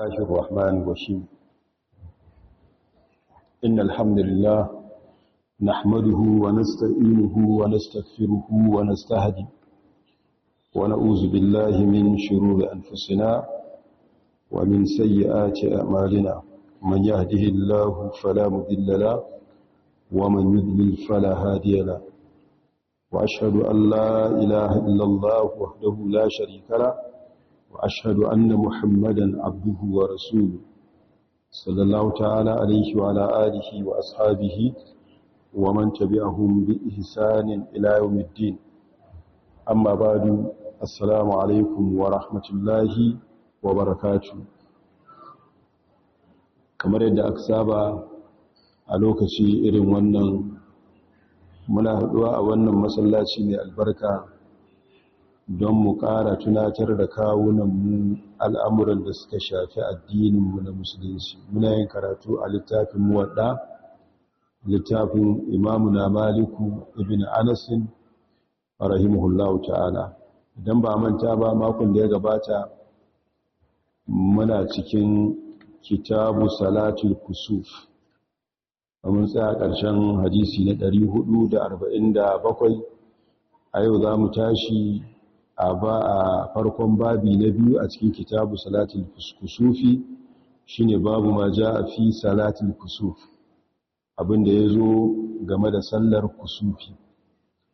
الله الرحمن الرحيم إن الحمد لله نحمده ونستعينه ونستغفره ونستهدي ونعوذ بالله من شرور أنفسنا ومن سيئات أعمالنا من يهده الله فلا مضل له ومن يضلل فلا هادي له وأشهد أن لا إله إلا الله وحده لا شريك له وأشهد أن محمدًا عبده ورسوله صلى الله تعالى عليه وعلى آله وأصحابه ومن تبعهم بإحسان إلى يوم الدين أما بعد السلام عليكم ورحمة الله وبركاته kamar yadda aka saba a lokaci irin wannan muna haɗuwa a wannan masallaci mai albarka don mu ƙara tunatar da kawunan mu al'amuran da suka shafi addininmu na musulunci muna yin karatu a littafin muwadda littafin imamu na maliku ibn anasin a rahimahullahu ta'ala idan ba manta ba makon da ya gabata muna cikin kitabu salatul kusuf mun a ƙarshen hadisi na 447 a yau za mu tashi a ba a farkon babi na biyu a cikin kitabu salatin kusufi shine babu ma ja a fi salatin Kusufi abinda ya zo game da sallar kusufi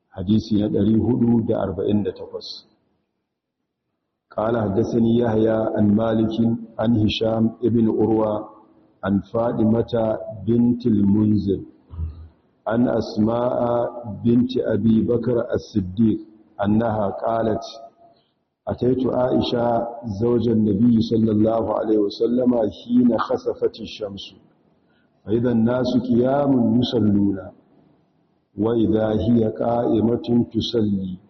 hadisi na 448 ƙala haddasani ya haya an malikin an hisham ibn urwa an faɗi mata bintil munzil an asma'a binti abi bakar as-siddiq annaha qalat ataitu aisha zawjan nabiy sallallahu alaihi wasallama hina khasafati ash-shamsu fa idha an-nasu qiyamun yusalluna wa idha hiya qa'imatun tusalli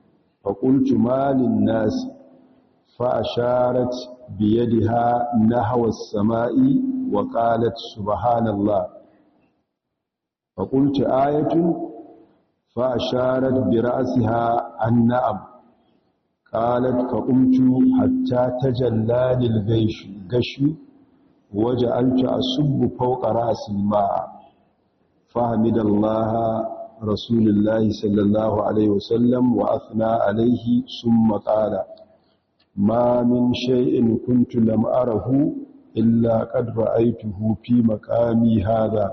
fa qultu ma lin-nas fa asharat bi yadiha nahwa as-sama'i wa qalat subhanallah fa qultu ayatun فأشارت برأسها anna'am qalat ka umtu hatta tajalla lil gaishi gashi waja'altu asubbu fawqa ra'si ma'a fahamidallaha rasulullahi sallallahu alaihi wasallam wa athna alaihi sun maƙala. ma min shay'in kuntu lam arahu illa qad ra'aytuhu fi maƙami hada,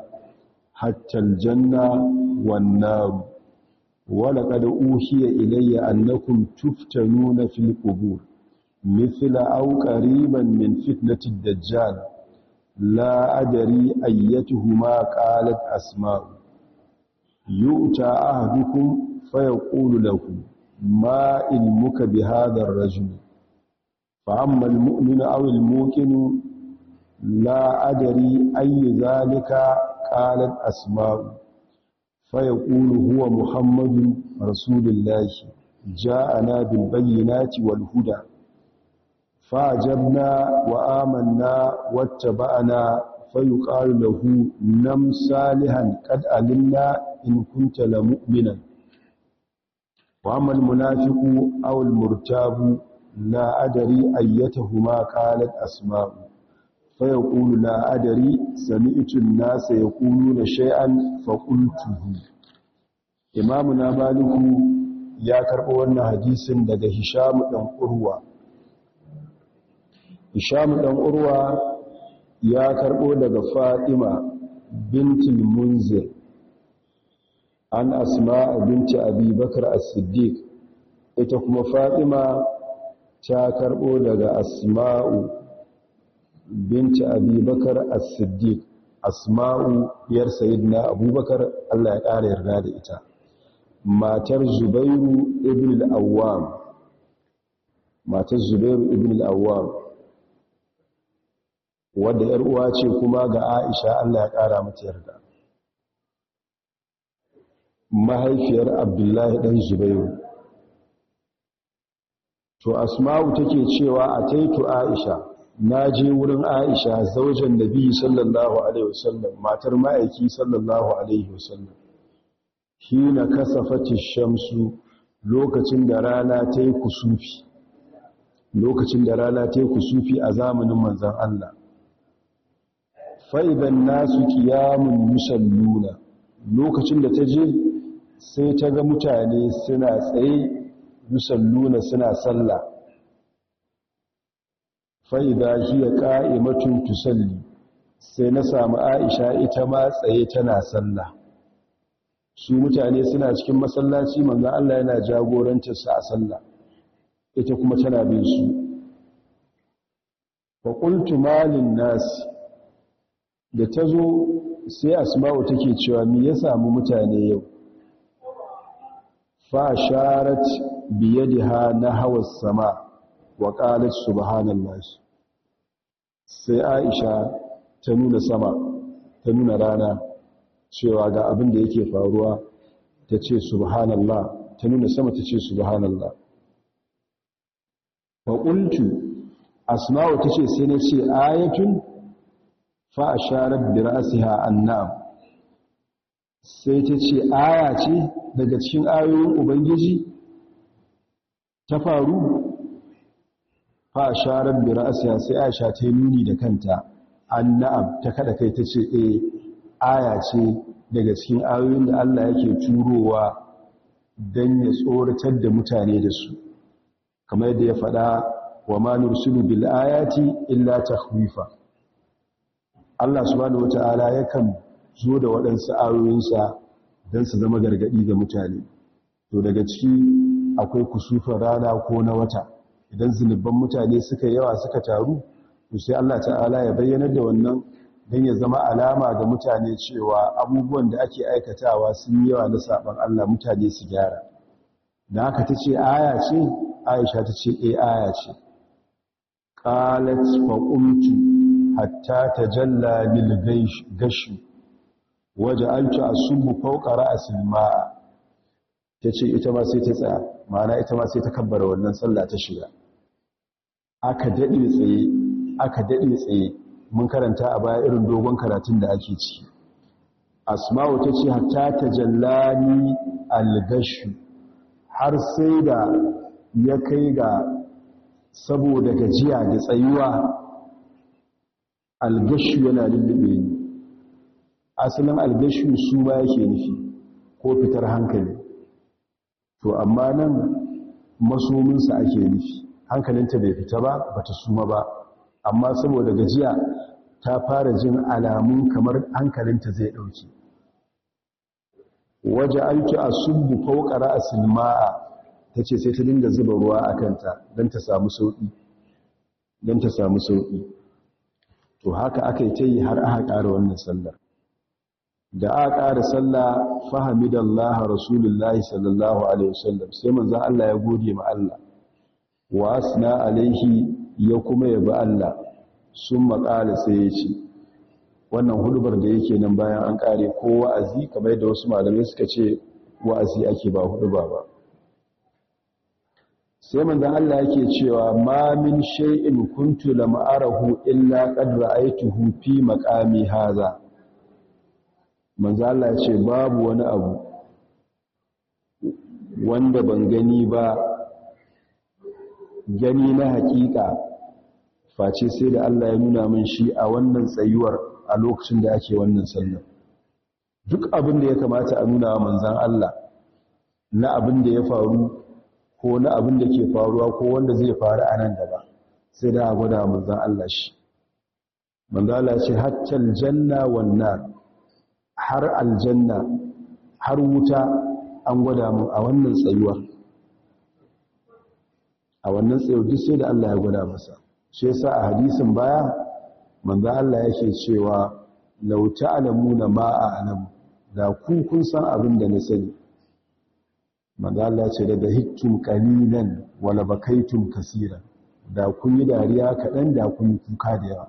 hatta janna wannan ولقد أوحي إلي أنكم تفتنون في القبور مثل أو قريبا من فتنة الدجال لا أدري أيتهما قالت أسماء يؤتى أهدكم فيقول لكم ما علمك بهذا الرجل فأما المؤمن أو الموكن لا أدري أي ذلك قالت أسماء فيقول هو محمد رسول الله جاءنا بالبينات والهدى فأجبنا وآمنا واتبعنا فيقال له نم صالحا قد علمنا إن كنت لمؤمنا وأما المنافق أو المرتاب لا أدري أيتهما قالت أسماء fa ya kulu la adari sami'itun nasa ya ƙulu na shay'an fa ƙultuhu imamu na maliku ya karɓo wannan hadisin daga hishamu ɗan hishamu ɗan ƙurwa ya karɓo daga fatima bintin munzir an asma binti abi bakar as ita kuma fatima ta karɓo daga asma'u binci abubakar as-siddiq asma'u yar sayidina abubakar allah ya ƙara yarda da ita matar zubairu ibn al-awwam matar zubairu ibn al-awwam wadda yar uwa ce kuma ga aisha allah ya ƙara mata yarda mahaifiyar abdullahi dan zubairu to asma'u take cewa ataitu aisha na je wurin aisha zaujen nabi sallallahu alaihi wasallam matar ma'aiki sallallahu alaihi wasallam na kasafati shamsu lokacin da rana ta yi kusufi lokacin da rana ta yi kusufi a zamanin Manzon Allah fa'idan nasu kiyamun musalluna lokacin da ta je sai ta ga mutane suna tsaye musalluna suna sallah fa'ida ƙa’i matun tusalli sai na samu Aisha ita ma tsaye tana sallah su mutane suna cikin masallaci manzan Allah yana jagorancin a sallah ita kuma tana bin su faƙuntu malin nasi. da ta zo sai asma'u take cewa miya ya samu mutane yau fa sharat biyadiha na hawa sama wa qalat subhanallah sai aisha ta nuna sama ta nuna rana cewa ga abin da yake faruwa ta ce subhanallah ta nuna sama ta ce subhanallah fa asma'u ta ce sai na ce ayatun fa sharar bi ra'siha annam sai ta ce aya ce daga cikin ayoyin ubangiji ta faru fa sharar bi ra'asiya sai aisha ta nuni da kanta annab ta kada kai tace ce eh aya ce daga cikin ayoyin da Allah yake turowa dan ya tsoratar da mutane da su kamar yadda ya faɗa wa ma nursilu bil ayati illa takhwifa Allah subhanahu wataala yakan zo da waɗansu ayoyinsa dan su zama gargadi ga mutane to daga ciki akwai kusufin rana ko na wata idan zunubban mutane suka yawa suka taru to sai Allah ta'ala ya bayyana da wannan don ya zama alama ga mutane cewa abubuwan da ake aikatawa sun yawa na saban Allah mutane su gyara da haka ta ce aya ce aisha ta ce e aya ce qalat fa qumtu hatta tajalla lil gashi waja'altu asubu fawqa ra'sil ma'a tace ita ma sai ta tsaya ma'ana ita ma sai ta kabbara wannan sallah ta shiga aka daɗe tsaye aka daɗe tsaye mun karanta a baya irin dogon karatun da ake ciki asma'u ta ce hatta ta jallani algashu har sai da ya kai ga saboda gajiya da tsayuwa algashu yana lullube ni asalin algashu su ba yake nufi ko fitar hankali to amma nan masominsa ake nufi hankalinta bai fita ba ba ta suma ba amma saboda gajiya ta fara jin alamun kamar hankalinta zai dauke waje alki asubbu a ra'sil ma'a tace sai ta dinga zuba ruwa a kanta, dan ta samu sauki dan ta samu sauki to haka aka yi ta yi har aka ƙara wannan sallar da aka ƙara sallah fahimidallah rasulullahi sallallahu alaihi wasallam sai manzo Allah ya gode ma Allah wa alaihi ya kuma yabi Allah sun maƙala sai ya ce wannan hudubar da yake nan bayan an ƙare ko wa'azi kamar da wasu malamai suka ce wa'azi ake ba huduba ba sai manzon Allah yake cewa ma min shay'in kuntu lam arahu illa qad ra'aytuhu fi maqami haza. manzon Allah ya ce babu wani abu wanda ban gani ba gani na hakika face sai da Allah ya nuna min shi a wannan tsayuwar a lokacin da ake wannan sallar duk abin da ya kamata a nuna manzan Allah na abin da ya faru ko na abin da ke faruwa ko wanda zai faru a nan gaba sai da a gwada manzan Allah shi manzan Allah ce haccal janna wannan har aljanna har wuta an gwada mu a wannan tsayuwar a wannan tsayo duk sai da Allah ya gwada masa shi yasa a hadisin baya manzo Allah yake cewa law ta'lamuna ma a'lam da ku kun san abin da na sani manzo Allah ce da hikkum qalilan wa la bakaytum da kun yi dariya kadan da kun yi kuka da yawa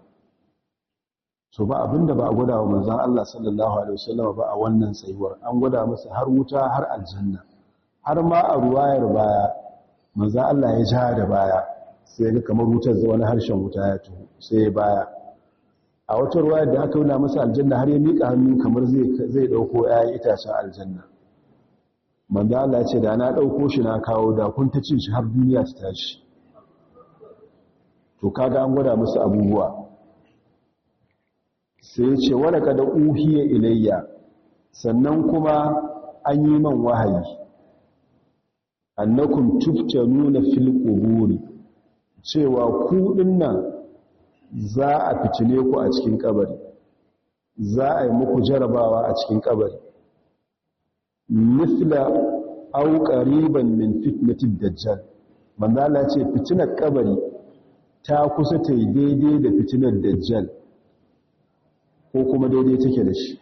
so ba abinda ba a gwada wa manzon Allah sallallahu alaihi wasallam ba a wannan tsayuwar an gwada masa har wuta har aljanna har ma a ruwayar baya manzo Allah ya ja da baya sai ga kamar wutar zuwa wani harshen wuta ya tuhu sai ya baya a wata ruwaya da aka nuna masa aljanna har ya mika hannu kamar zai ɗauko dauko yayin itacen aljanna manzo Allah ya ce da na ɗauko shi na kawo da kun ta cin shi har duniya ta tashi to kaga an gwada musu abubuwa sai ya ce wala kada uhiya ilayya sannan kuma an yi man wahayi annakum tuftanuna fil quburi cewa kuɗin nan za a fitile ku a cikin ƙabari, za a yi muku jarabawa a cikin ƙabari. misla aw qariban min fitnatid dajjal manzo ce fitinar kabari ta kusa ta yi daidai da fitinar dajjal ko kuma daidai take da shi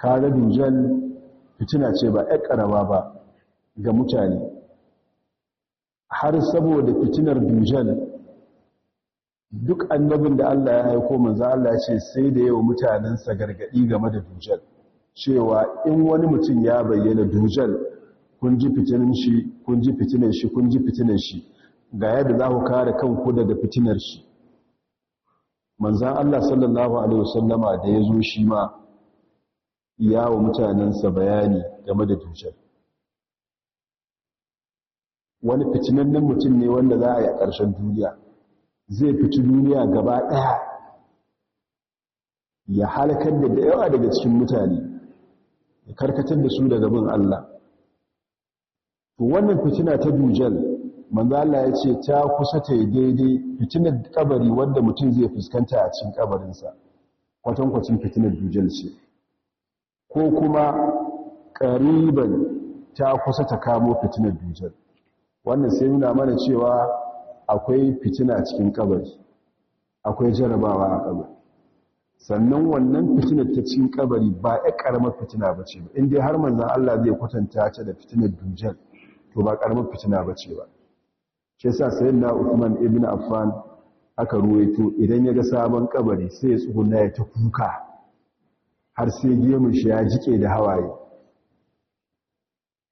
ka rabin jal fitina ce ba ‘yar ƙarama ba ga mutane har saboda fitinar dujal duk annabin da Allah ya haiko manzo Allah ce sai da yawa mutanensa gargaɗi game da dujan cewa in wani mutum ya bayyana dujal kun ji fitinin shi kun ji fitinin shi kun ji fitinin shi ga yadda za ku kare kanku daga fitinar shi manzo Allah sallallahu alaihi wasallama da ya zo shi ma yawo mutanensa bayani game da tushen wani fitinannen mutum ne wanda za a yi a ƙarshen duniya zai fiti duniya gaba ɗaya ya halakar da da yawa daga cikin mutane ya karkatar da su daga bin Allah to wannan fitina ta dujal manzo Allah ya ce ta kusa ta daidai fitinar kabari wanda mutum zai fuskanta a cikin kabarinsa kwatankwacin fitinar dujal ce ko kuma ƙariban ta kusa ta kamo fitinar dujjal wannan sai nuna mana cewa akwai fitina cikin kabari akwai jarabawa a kabari sannan wannan fitinar ta cikin kabari ba ya karamar fitina ba ce ba inda har manzan Allah zai kwatanta ta da fitinar dujjal to ba karamar fitina ba ce ba sa yasa na Uthman ibn Affan aka ruwaito idan ya ga sabon kabari sai ya tsuguna ya ta kuka har sai gemun shi ya jike da hawaye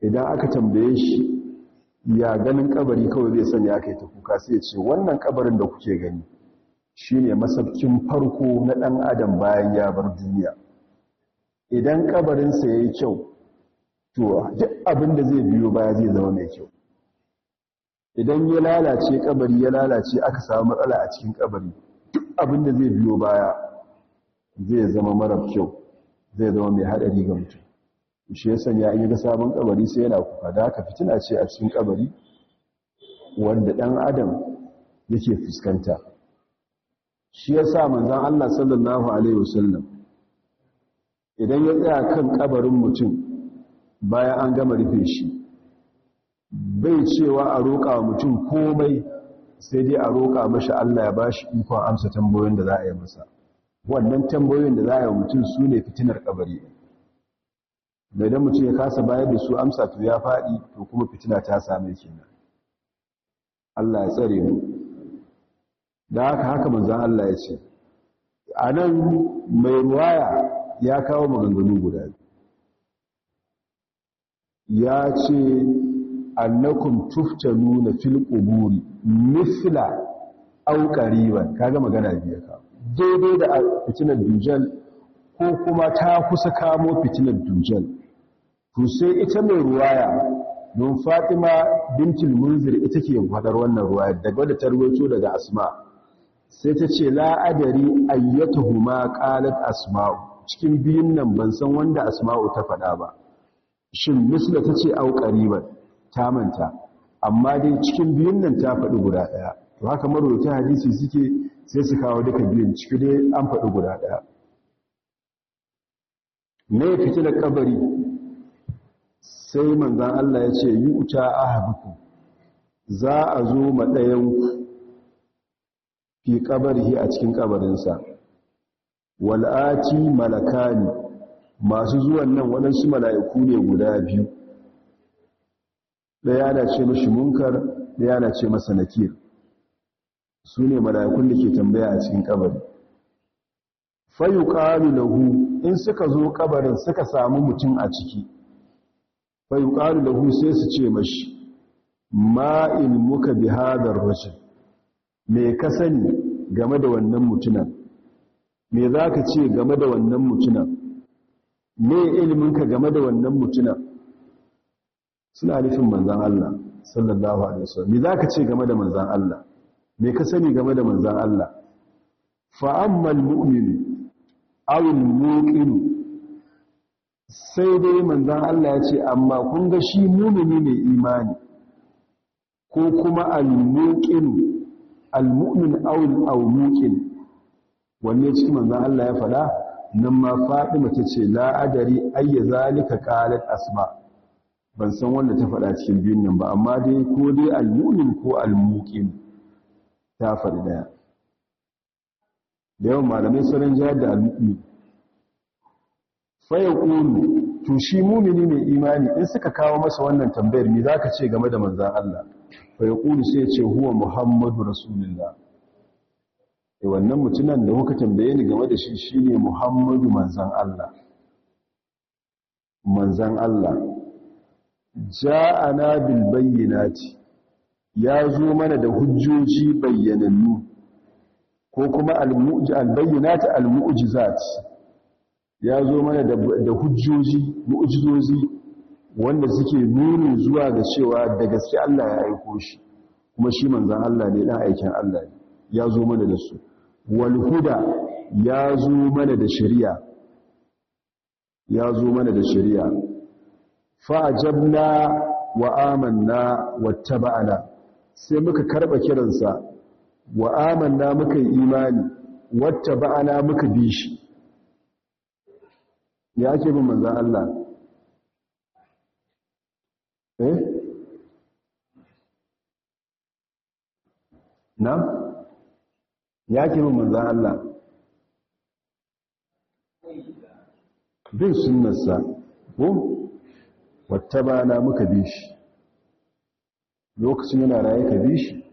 idan aka tambaye shi ya ganin kabari kawai zai sanya aka yi ta kuka sai ya ce wannan kabarin da kuke gani shine masabkin farko na dan adam bayan ya bar duniya idan kabarinsa ya yi kyau to duk abin da zai biyo baya zai zama mai kyau idan ya lalace kabari ya lalace aka samu matsala a cikin kabari duk abin da zai biyo baya zai zama marar kyau zai zama mai haɗari ga mutum shi ya sanya in yi ga sabon kabari sai yana kuka da haka fitina ce a cikin kabari wanda ɗan adam yake fuskanta shi ya sa manzan Allah sallallahu Alaihi wasallam idan ya tsaya kan kabarin mutum bayan an gama rufe shi bai cewa a roƙa wa mutum komai sai dai a roƙa mashi Allah ya bashi shi ikon amsa tambayoyin da za a yi masa wannan tambayoyin da za a yi mutum su ne fitinar kabari da idan mutum ya kasa bayar da su amsa to ya faɗi to kuma fitina ta same kenan Allah ya tsare mu da haka haka manzan Allah ya ce a nan mai ruwaya ya kawo maganganu guda ya ce annakum tuftanu na fil quburi mithla au qariban kaga magana biya kawo daidai da fitinar dujjal ko kuma ta kusa kamo fitinar dujjal to sai ita mai ruwaya don fatima bintul munzir ita ke fadar wannan ruwaya daga da tarwato daga asma sai ta ce la'adari ayyatuhuma qalat asma'u cikin biyun nan ban san wanda asma'u ta faɗa ba shin misla ta ce au qariban ta manta amma dai cikin biyun nan ta faɗi guda ɗaya to haka marwata hadisi suke sai su kawo duka biyun ciki dai an faɗi guda ɗaya me da kabari sai manzan Allah ya ce yi uta ahabukum za a zo ma fi kabarihi a cikin kabarinsa wal'ati malakani masu zuwan nan waɗansu mala'iku ne guda biyu ɗaya da ce mashi munkar ɗaya da ce masa nakir su ne mala'ikun da ke tambaya a cikin kabari fayu ƙalu lahu in suka zo kabarin suka samu mutum a ciki fayu ƙalu lahu sai su ce mashi ma'il muka bi hadar rashin me ka sani game da wannan mutunan me za ka ce game da wannan mutunan me iliminka game da wannan mutunan suna nufin manzan Allah sallallahu Alaihi wasallam me za ka ce game da manzan Allah me ka sani game da manzan Allah fa'ammal mu'minu awin muqinu sai dai manzan Allah ya ce amma kun ga shi mumini mai imani ko kuma al-muqinu al-mu'min awin aw muqin wanne cikin manzan Allah ya faɗa nan ma faɗi mace ce la'adari, adari ayya zalika qalat asma ban san wanda ta faɗa cikin biyun nan ba amma dai ko dai al-mu'min ko al-muqin ta faɗi ɗaya da yawan malamai sauran jihar da al'ummi faya ƙuni to shi mumini mai imani in suka kawo masa wannan tambayar me za ka ce game da manzan Allah faya ƙuni sai ce huwa muhammadu rasulullah e, da wannan mutunan da muka tambaye ni game da shi shi ne muhammadu manzan Allah manzan Allah ja'ana bil ce. ya zo mana da hujjoji bayyanannu ko kuma albayyanata almu'jizat ya zo mana da hujjoji mu'jizozi wanda suke nuni zuwa ga cewa da gaske Allah ya aiko shi kuma shi manzan Allah ne dan aikin Allah ne ya zo mana da su wal huda ya zo mana da shari'a ya zo mana da shari'a fa ajabna wa amanna wattaba'na sai muka karɓa kiransa wa amanna muka yi imani wata ba'ana muka bi shi ya ce bin manzan Allah eh na ya ce bin manzan Allah bin sunnarsa ko wata ba'ana muka bi shi lokacin yana raye ka bi shi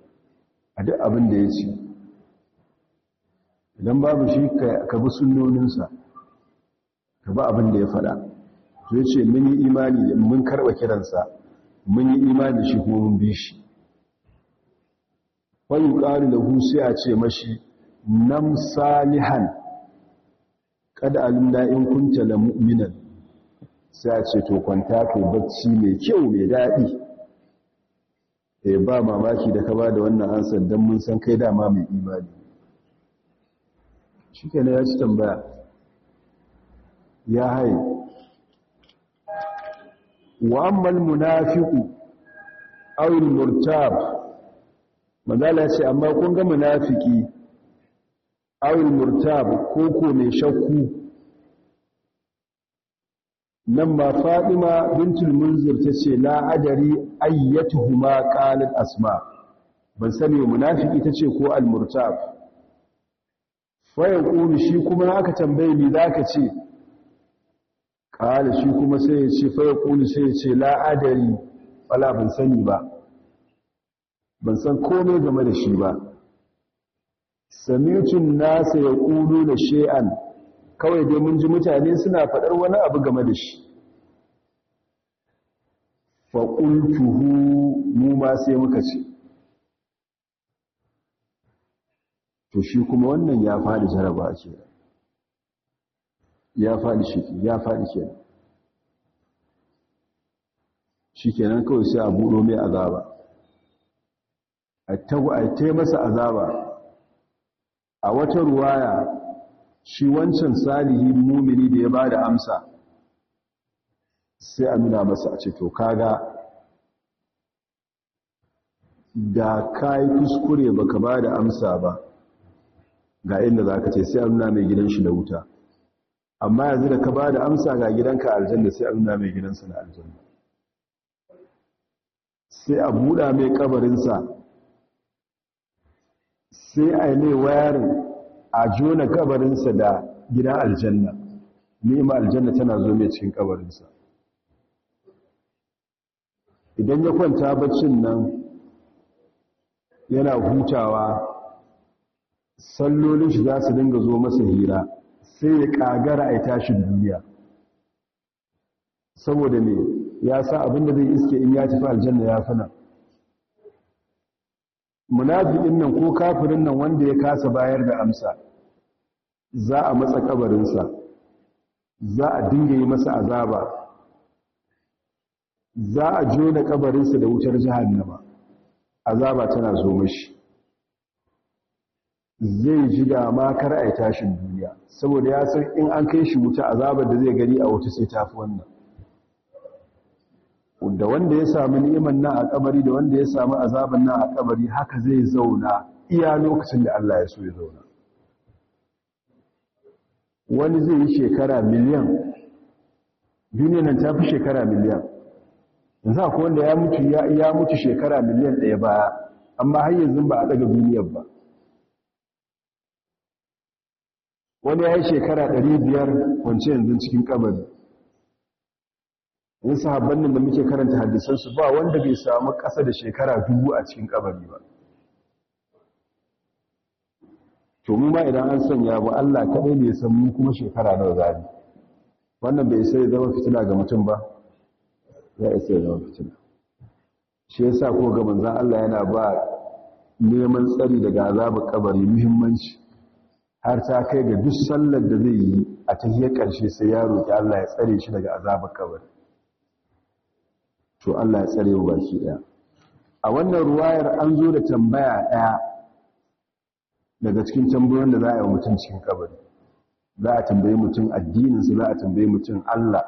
a duk abin da ya ce idan babu shi ka bi sunnoninsa ka bi abin da ya faɗa to yace mun yi imani mun karɓa kiransa mun yi imani shi kuma mun bi shi wani ƙari da sai a ce mashi nam salihan kada alimda in kunta la mu'minan sai a ce to kwanta ko bacci mai kyau mai daɗi eh ba mamaki da ka ba da wannan ansar don mun san kai dama mai imani shi kenan ya ci tambaya ya haye wa'ammal Munafiku, munafiqu murtab mazala ce amma kun ga munafiki aw murtab koko mai shakku nan ma fadima bintul munzir ta ce la adari ayyatuhuma qalat asma ban sani munafiki ta ce ko almurtab fayan ƙuri shi kuma aka tambaye ni za ka ce qala shi kuma sai ya ce fayan ƙuri sai ya ce la adari wala ban sani ba ban san komai game da shi ba samicin nasa ya ƙuru da she'an kawai dai mun ji mutane suna faɗar wani abu game da shi faƙultuhu mu ma sai muka ce to shi kuma wannan ya faɗi jaraba ce ya faɗi shi ya faɗi ke shi kenan kawai sai a buɗo mai azaba a taimasa azaba a wata ruwaya shi wancan salihi mumini da ya ba da amsa sai a nuna masa a ce to kaga da ka yi kuskure ba ka ba da amsa ba ga inda za ka ce sai a nuna mai gidan shi da wuta amma yanzu da ka ba da amsa ga gidanka aljanna sai a nuna mai gidansa na aljanna sai a buɗa mai kabarinsa sai a yi mai wayarin a jona kabarinsa da gidan aljanna nema aljanna tana zo mai cikin kabarinsa idan ya kwanta baccin nan yana hutawa sallolin shi za su dinga zo masa hira sai ya kagara a tashi duniya saboda ne ya sa abinda zai iske in ya tafi aljanna ya fana munafi'in nan ko kafirin nan wanda ya kasa bayar da amsa za a matsa kabarinsa za a dinga yi masa azaba za a jona kabarinsa da wutar jahannama azaba tana zo mashi zai ji dama kar a tashin duniya saboda ya san in an kai shi wuta azabar da zai gani a wuta sai tafi wannan da wanda ya sami ni'iman nan a kabari da wanda ya sami azaban nan a kabari haka zai zauna iya lokacin da Allah ya so ya zauna wani zai yi shekara miliyan duniya ta fi shekara miliyan Za ku wanda ya mutu ya mutu shekara miliyan ɗaya baya amma har yanzu ba a daga duniyar ba wani ya yi shekara ɗari biyar kwance yanzu cikin kabari yin sahabban da muke karanta hadisansu ba wanda bai samu ƙasa da shekara dubu a cikin kabari ba to mu ma idan an sanya ba Allah kaɗai ne ya san mu kuma shekara nawa zari. wannan bai sai zama fitina ga mutum ba ya isa ya zama fitina shi yasa ko ga manzon Allah yana ba neman tsari daga azabar kabari muhimmanci har ta kai ga duk sallar da zai yi a tafiya ƙarshe sai ya roƙi Allah ya tsare shi daga azabar kabari to Allah ya tsare mu baki ɗaya a wannan ruwayar an zo da tambaya ɗaya daga cikin tambayoyin da za a yi wa mutum cikin kabari za a tambaye mutum addininsu za a tambaye mutum Allah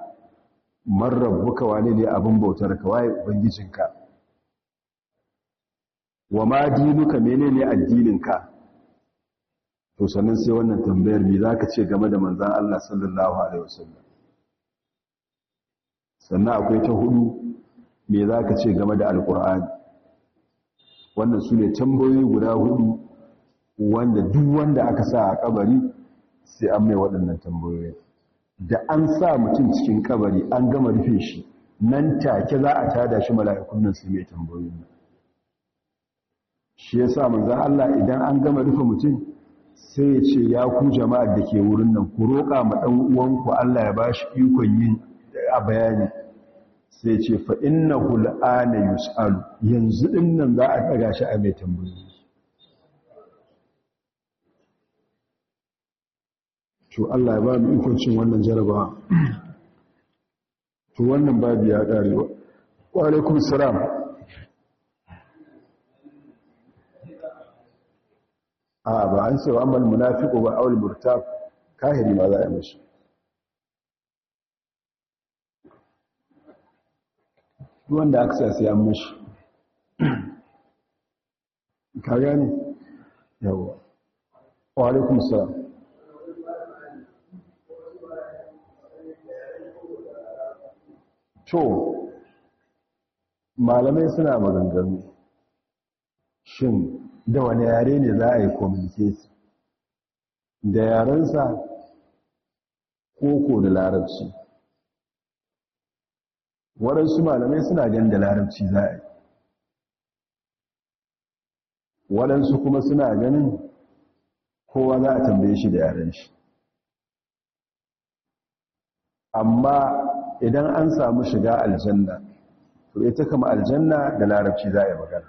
Marrabuka, rabbuka wane ne abin bautar ka waye ubangijinka wa ma dinuka menene addininka to sannan sai wannan tambayar me ka ce game da manzon Allah sallallahu alaihi wasallam sannan akwai ta hudu me ka ce game da alqur'ani wannan su ne tambayoyi guda hudu wanda duk wanda aka sa a kabari sai an mai waɗannan tambayoyi da an sa mutum cikin kabari an gama rufe shi nan take za a tada shi mala'ikun nan su mai tambayoyi shi yasa manzon Allah idan an gama rufe mutum sai ya ce ya ku jama'ar da ke wurin nan ku roƙa ma ɗan uwanku Allah ya bashi ikon yin a bayani sai ce fa innahu la'ana yus'alu yanzu din nan za a daga shi a mai tambayoyi to Allah ya ba mu ikon cin wannan jarabawa to wannan babu ya karewa wa alaikum salam a ba an ce wa amal munafiqu ba awal murtab kahiri ma za a mashi wanda aka sa sai an mashi ka gani? yawa wa alaikum salam to malamai suna maganganu shin da wani yare ne za a yi communication da yarensa koko da larabci waɗansu malamai suna gan da larabci za a yi waɗansu kuma suna ganin kowa za a tambaye shi da yaren shi amma idan an samu shiga aljanna to ita kama aljanna da larabci za a yi magana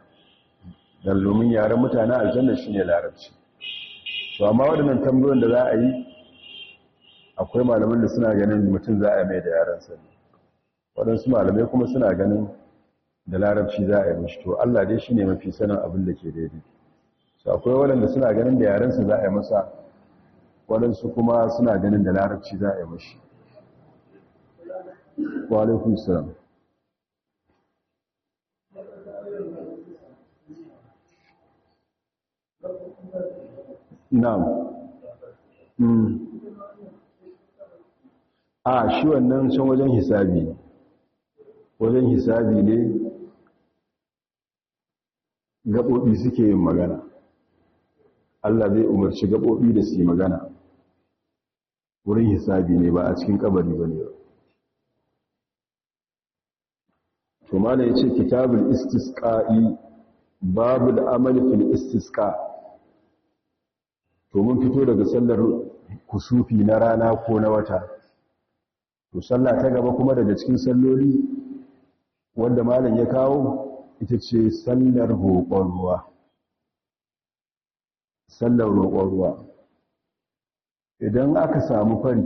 don domin yaren mutane aljanna shi ne larabci to amma waɗannan tambayoyin da za a yi akwai malaman da suna ganin mutum za a yi mai da yaren sani waɗansu malamai kuma suna ganin da larabci za a yi mashi to allah dai shi ne mafi sanin abin da ke daidai Su akwai waɗanda suna ganin da yarensu za a yi masa waɗansu kuma suna ganin da larabci za a yi mashi wa salam na'am hmm. a shi wannan can wajen hisabi wajen hisabi ne gaɓoɓi suke yin magana Allah zai umarci gaɓoɓi da su yi magana wurin hisabi ne ba a cikin ƙabari ba ne ba to ya ce kitabul istisqa'i babu da fil istisqa to mun fito daga sallar kusufi na rana ko na wata to sallah ta gaba kuma daga cikin salloli wanda malam ya kawo ita ce sallar roƙon ruwa sallar idan aka samu fari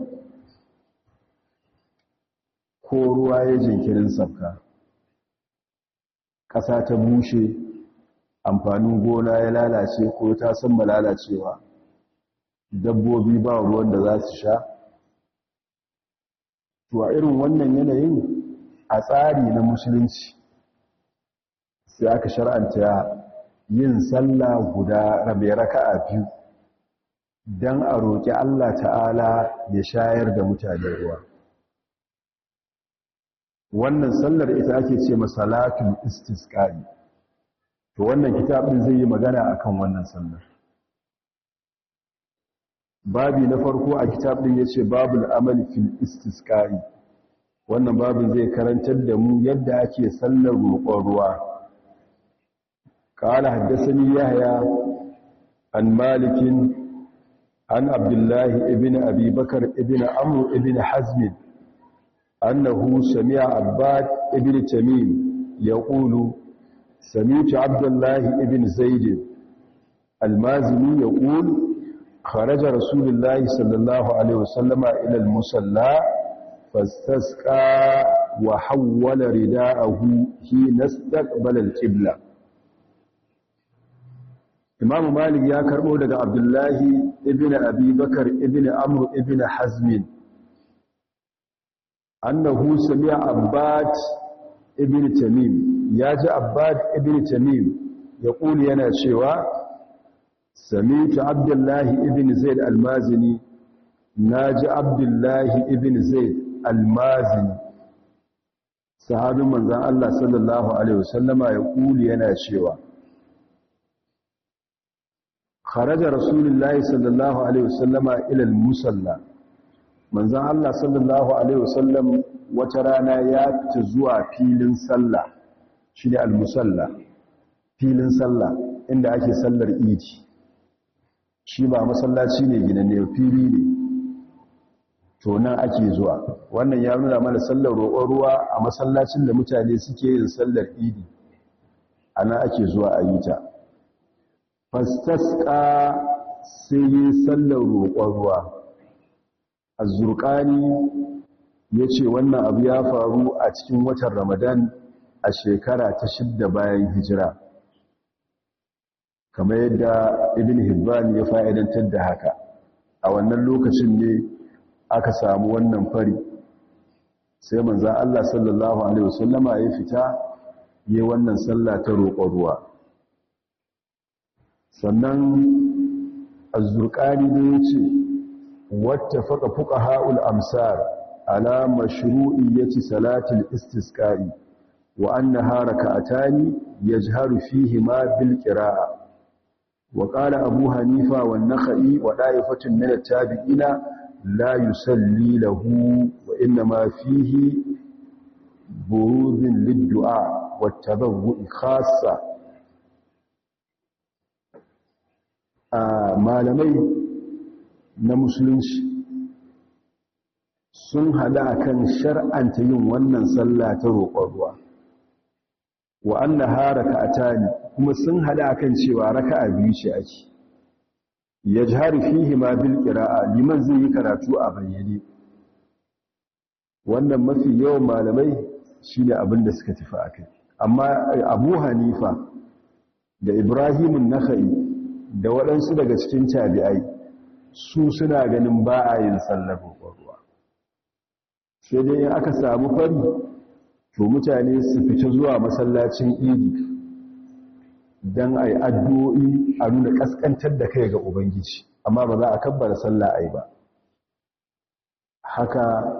ko ruwa ya jinkirin sabka ƙasa ta bushe amfanin gona ya lalace ko ta san lalacewa dabbobi ba ruwan da za su sha to a irin wannan yanayin a tsari na musulunci sai aka shar'anta yin sallah guda rabe a biyu don a roƙi Allah ta'ala ya shayar da mutane ruwa wannan sallar ita ake ce masalatul istiskari to wannan kitabin zai yi magana akan wannan sallar babi na farko a kitabin yace babul amali fil istisqa'i wannan babin zai karantar da mu yadda ake sallar roƙon ruwa qala haddathani yahya an malikin an abdullahi ibn abi bakar ibn Ibin ibn annahu sami'a abbad ibn tamim yaqulu sami'tu abdullahi ibn zaid al-mazini yaqulu kharaja rasulullahi sallallahu alaihi wasallama ila al-musalla fastasqa wa hawwala rida'ahu hina istaqbala al-qibla Imam Malik ya karbo daga Abdullahi ibn Abi Bakar ibn Amr ibn Hazmin. annahu sami'a abbad ibn tamim ya ji abbad ibn tamim ya kuli yana cewa sami'tu abdullahi ibn zaid almazini naji abdullahi ibn zaid almazini sahabin manzan Allah sallallahu alaihi wasallama ya kuli yana cewa kharaja rasulullahi sallallahu alaihi wasallama ila al-musalla manzan Allah sallallahu Alaihi wasallam wata rana ya ta zuwa filin sallah shi ne al-musalla filin sallah inda ake sallar idi shi ba masallaci ne gina ne fili ne to nan ake zuwa wannan ya nuna mana sallar roƙon ruwa a masallacin da mutane suke yin sallar idi a nan ake zuwa a yi ta fastaska sai yi sallar roƙon ruwa azurƙani ya ce wannan abu ya faru a cikin watan ramadan a shekara ta shidda bayan hijira kamar yadda ibn hibban ya fa'idantar da haka a wannan lokacin ne aka samu wannan fari sai manza Allah sallallahu Alaihi wasallama ya fita yi wannan sallah ta roƙon ruwa sannan azurƙani ne ya ce واتفق فقهاء الأمسار على مشروعية صلاة الاستسقاء وأنها ركعتان يجهر فيهما بالقراءة وقال أبو هنيفة والنخئي ودائفة من التابعين لا يصلي له وإنما فيه بروز للدعاء والتبوء خاصة آه، ما لم na musulunci sun hada kan shar'anta yin wannan sallah ta roƙon ruwa wa annaha raka'atani kuma sun hada kan cewa raka'a biyu ce ake yajharu fihi ma bil qira'a liman zai yi karatu a bayyane wannan mafi yawan malamai shine abin da suka tafi akai amma Abu Hanifa da Ibrahimun an da waɗansu daga cikin tabi'ai su suna ganin ba a yin sallar roƙon ruwa sai dai aka samu fari to mutane su fita zuwa masallacin idi don a addu'o'i a nuna ƙasƙantar da kai ga ubangiji amma ba za a kabbara sallah a ba haka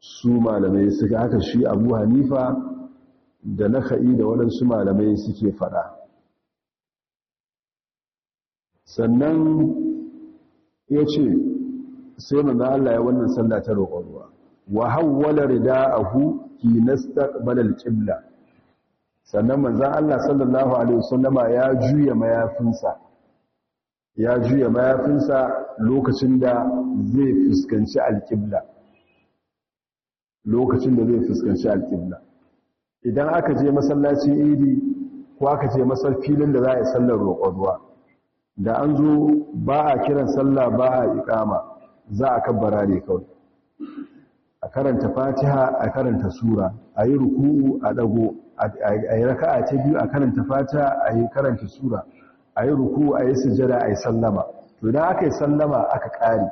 su malamai suka haka shi abu hanifa da naka'i da waɗansu malamai suke faɗa sannan ya ce sai manzan Allah ya wannan sallah ta roƙon ruwa wa hawwala rida'ahu fi nastaqbal al-qibla sannan manzan Allah sallallahu alaihi wasallama ya juya mayafinsa ya juya mayafinsa lokacin da zai fuskanci al-qibla lokacin da zai fuskanci al-qibla idan aka je masallacin idi ko aka je masar da za a yi sallar roƙon ruwa da an zo ba a kiran sallah ba a iqama za a kabbara ne kawai a karanta fatiha a karanta sura a yi ruku'u a dago a yi raka'a ta biyu a karanta fatiha a yi karanta sura a yi ruku'u a yi sujada a yi sallama to idan aka yi sallama aka ƙare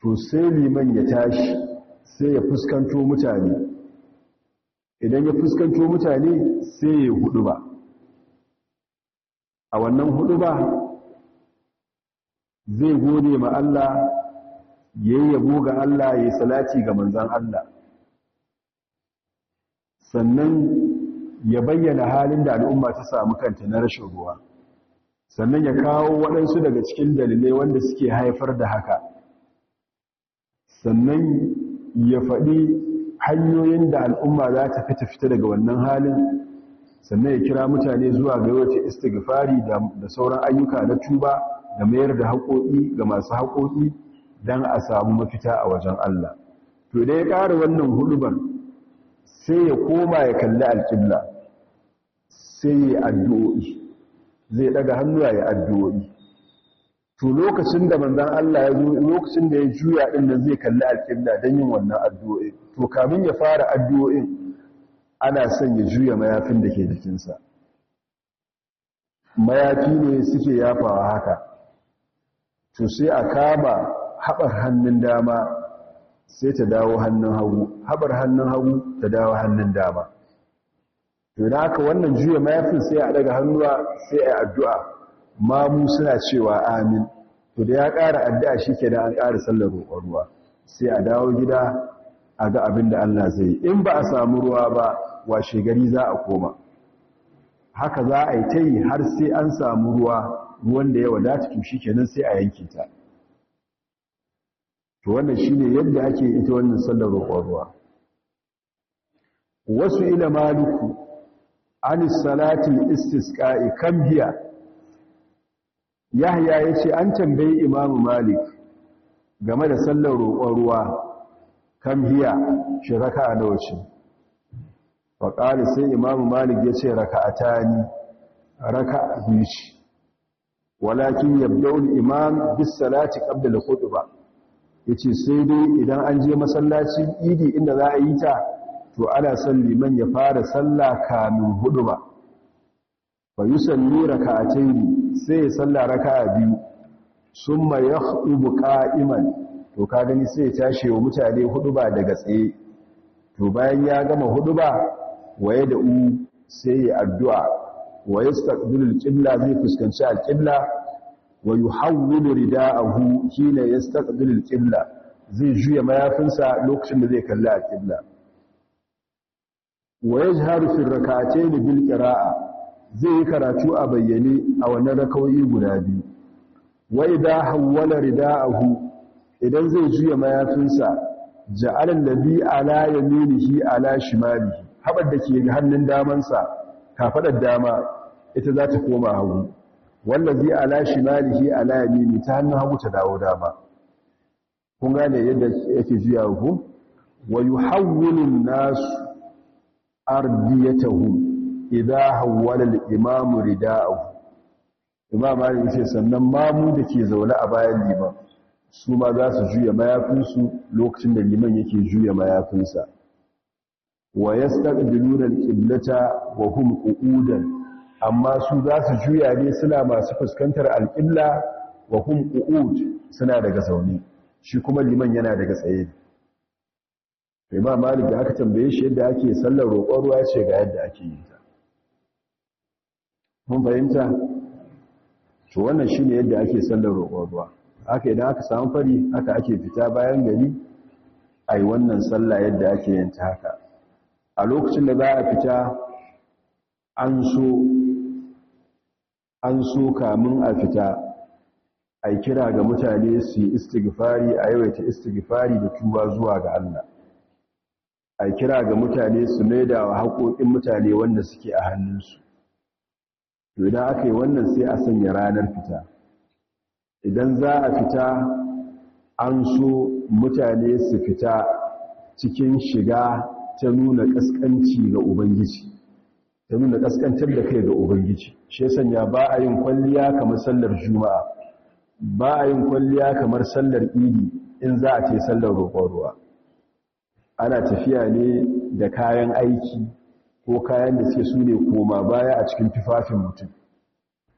to sai liman ya tashi sai ya fuskanto mutane idan ya fuskanto mutane sai ya huduba a wannan hudu ba zai gode ma Allah ya yi yabo ga Allah ya yi salati ga manzan Allah sannan ya bayyana halin da al'umma ta samu kanta na rashin ruwa sannan ya kawo waɗansu daga cikin dalilai wanda suke haifar da haka sannan ya faɗi hanyoyin da al'umma za ta fita fita daga wannan halin sannan ya kira mutane zuwa ga yawancin istighfari da sauran ayyuka na tuba da mayar da haƙoƙi ga masu haƙoƙi don a samu mafita a wajen Allah to da ya ƙara wannan hudubar sai ya koma ya kalli alƙibla sai ya addu'o'i zai daga hannuwa ya addu'o'i to lokacin da manzan Allah ya zo lokacin da ya juya din nan zai kalli alƙibla don yin wannan addu'o'i to kamin ya fara addu'o'in ana son ya juya mayafin da ke jikinsa mayafi ne suke yafawa haka to sai a kama haɓar hannun dama sai ta dawo hannun hagu haɓar hannun hagu ta dawo hannun dama to da haka wannan juya mayafin sai a daga hannuwa sai a addu'a mamu suna cewa amin to da ya ƙara addu'a shi ke da an ƙara sallar roƙon ruwa sai a dawo gida a ga abin da Allah zai in ba a samu ruwa ba washe gari za a koma haka za a yi ta yi har sai an samu ruwa ruwan da ya wadata tushi kenan sai a yanke ta to wannan shine yadda ake ita wannan sallar roƙon ruwa wasu ila maliku an salatin istisqa'i kan biya yahya ce an tambayi imamu malik game da sallar roƙon ruwa kam hiya shi raka a nauci wa ƙari sai imamu malik ya ce raka ni, raka biyu ce walakin yabda'ul imam bis salati qabla al yace sai dai idan an je masallaci idi inda za a yi ta to ana son liman ya fara salla kamin huduba fa yusalli raka'atayn sai ya salla raka'a biyu summa buƙa qa'iman to ka gani sai ya tashi wa mutane hudu ba daga tsaye to bayan ya gama hudu ba waye da u sai ya addu'a wa yastaqbilul qibla zai fuskanci al-qibla wa yuhawwilu rida'ahu hina yastaqbilul qibla zai juya mayafinsa lokacin da zai kalli al-qibla wa yajharu fi rak'atayn bil qira'a zai yi karatu a bayyane a wannan rakawai guda biyu wa idha hawwala rida'ahu idan zai juya mayafinsa ja'alan bi ala yaminihi ala shimalihi habar da ke hannun damansa kafaɗar dama ita za ta koma hagu wallazi ala shimalihi ala yamini ta hannun hagu ta dawo dama kun gane yadda yake juya ku wa yuhawwilu an-nas ardiyatahu idha hawwala al-imamu rida'ahu imam ali ce, sannan mamu da ke zaune a bayan liman su ma za su juya mayafinsu lokacin da liman yake juya mayafinsa wa yastaqbiluna al-qiblata wa hum qu'udan amma su za su juya ne suna masu fuskantar al wa hum qu'ud suna daga zaune shi kuma liman yana daga tsaye ma malika aka tambaye shi yadda ake sallar roƙon ruwa ce ga yadda ake yi ta mun fahimta to wannan shine yadda ake sallar roƙon ruwa haka idan aka samu fari haka ake fita bayan gari a yi wannan sallah yadda ake yin ta haka a lokacin da za a fita an so an kamun a fita a kira ga mutane su yi istighfari a yawaita istighfari da tuba zuwa ga Allah a kira ga mutane su maida wa haƙoƙin mutane wanda suke a hannunsu to idan aka yi wannan sai a sanya ranar fita idan za a fita an so mutane su fita cikin shiga ta nuna ƙasƙanci ga ubangiji ta nuna ƙasƙantar da kai ga ubangiji shi sanya ba a yin kwalliya kamar sallar juma'a ba a yin kwalliya kamar sallar idi in za a ce sallar roƙon ana tafiya ne da kayan aiki ko kayan da suke su ne koma baya a cikin tufafin mutum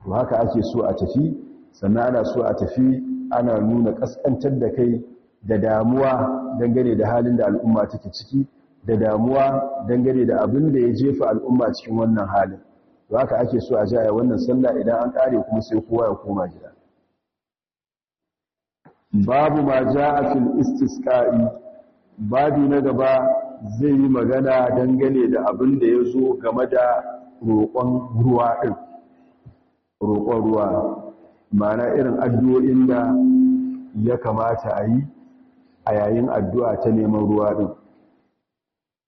to haka ake so a tafi sannan ana so a tafi ana nuna ƙasƙantar da kai da damuwa dangane da halin da al'umma take ciki da damuwa dangane da abin da ya jefa al'umma cikin wannan halin to haka ake so a jaya wannan sallah idan an ƙare kuma sai kowa ya koma gida babu ma ja'a fil istisqa'i babu na gaba zai yi magana dangane da abin da ya zo game da roƙon ruwa din roƙon ruwa mana irin addu’o’in da ya kamata a yi a yayin addu’a ta neman ruwa ɗin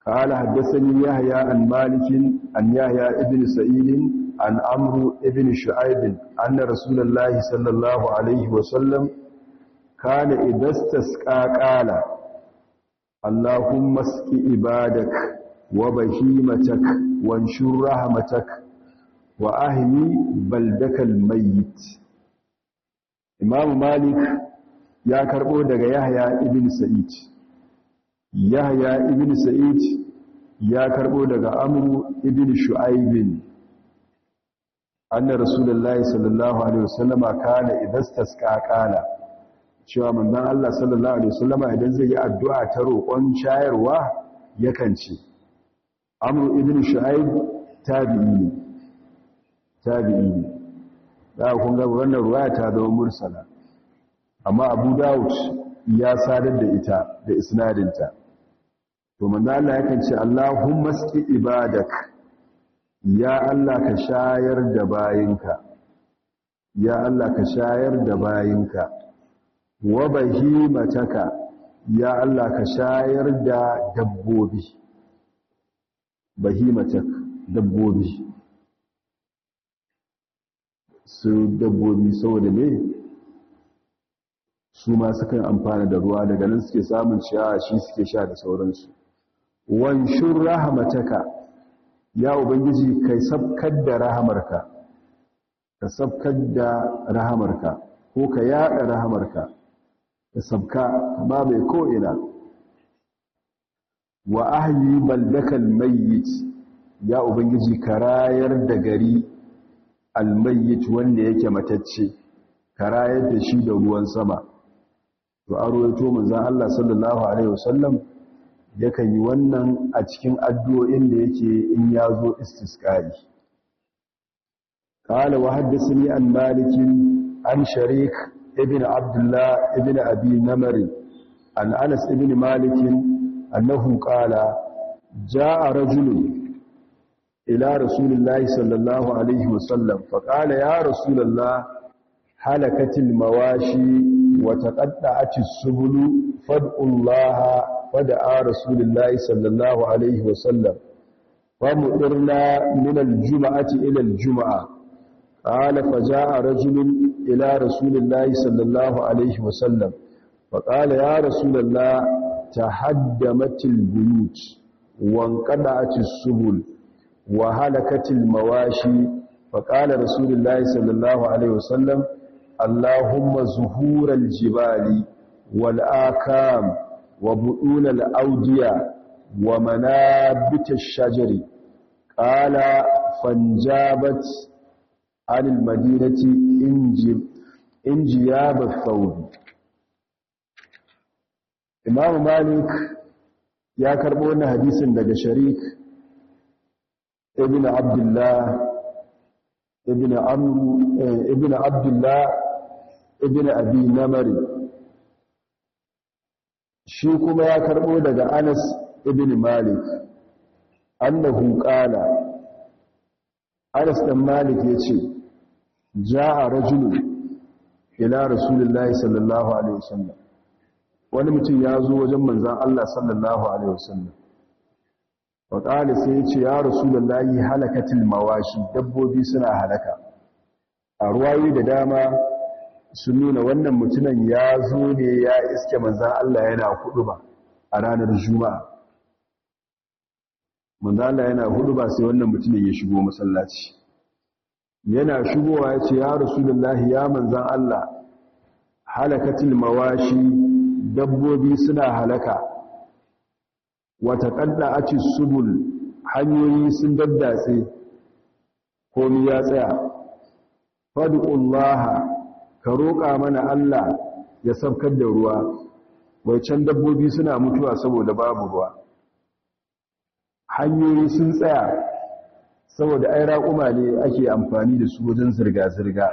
ƙala haddasan yahya an malikin an yahya ibn sa’ilin an amru ibn sha’ibin an na sallallahu alaihi wasallam kana idastas ƙaƙala allahun maski ibadak wa bahimatak wancin rahamatak wa ahimi baldakal mayit imam malik ya karbo daga yahya ibn sa'id yahya ibn sa'id ya karbo daga amru ibn shu'aib anna rasulullahi sallallahu alaihi wasallama kana idastasqa qala cewa manzon Allah sallallahu alaihi wasallama idan zai yi addu'a ta roƙon shayarwa yakan ce amru ibn shu'aib tabi'i tabi'i za a kunga wannan ruwaya ta zama mursala amma abu dawud ya sadar da ita da isnadinta to manzo Allah yakan ce Allahumma ski ibadak ya Allah ka shayar da bayinka ya Allah ka shayar da bayinka wa bahimataka ya Allah ka shayar da dabbobi Bahimataka, dabbobi su dabbobi saboda me su ma sukan amfana da ruwa daga nan suke samun ciyawa shi suke sha da sauransu wanshur rahmataka ya ubangiji kai sabkar da rahamarka ka sabkar da rahamarka ko ka yada rahamarka ka sabka ba mai ko'ina wa ahli baldakal mayyit ya ubangiji ka rayar da gari almayyit wanda yake matacce karayar da shi da ruwan sama to an to manzan Allah sallallahu alaihi wasallam yakan yi wannan a cikin addu'o'in da yake in ya zo istiskari قال وحدثني عن an عن Ibn ابن Ibn الله ابن أبي نمر عن أنس ابن مالك أنه قال جاء رجل ila rasulillahi sallallahu alaihi wasallam faƙala ya rasulallah halakatil mawashi wata ƙadda'atis subulu fad'ullaha fada'a rasulillahi sallallahu alaihi wasallam ومؤرنا من الجمعة إلى الجمعة قال فجاء رجل إلى رسول الله صلى الله عليه وسلم فقال يا رسول الله تحدمت البيوت وانقطعت السبل wa halakatil mawashi fa qala rasulullahi sallallahu alaihi wasallam allahumma zuhural jibali wal akam wa bu'unal awdiya wa manabitash shajari qala fanjabat anil madinati injib injiyab thawb Imam Malik ya karbo wannan hadisin daga Sharik ibn abdullah ibn amru eh, ibn abdullah ibn abi namari shi kuma ya karbo daga anas ibn malik annahu qala anas dan malik yace ja'a rajulun ila rasulullahi sallallahu alaihi wasallam wani mutum ya zo wajen manzan Allah sallallahu alaihi wasallam wa sai ya ce ya rasulullahi halakatil mawashi dabbobi suna halaka a ruwayi da dama sun nuna wannan mutumin ya zo ne ya iske manzan Allah yana hudu a ranar juma'a manzan Allah yana hudu sai wannan mutumin ya shigo masallaci yana shigowa ya ce ya rasulullahi ya manzan Allah halakatil mawashi dabbobi suna halaka wata ƙadda a ci subul hanyoyi sun daddatse komi ya tsaya fadullaha ka roƙa mana Allah ya saukar da ruwa wai can dabbobi suna mutuwa saboda babu ruwa hanyoyi sun tsaya saboda ai raƙuma ne ake amfani da su wajen zirga-zirga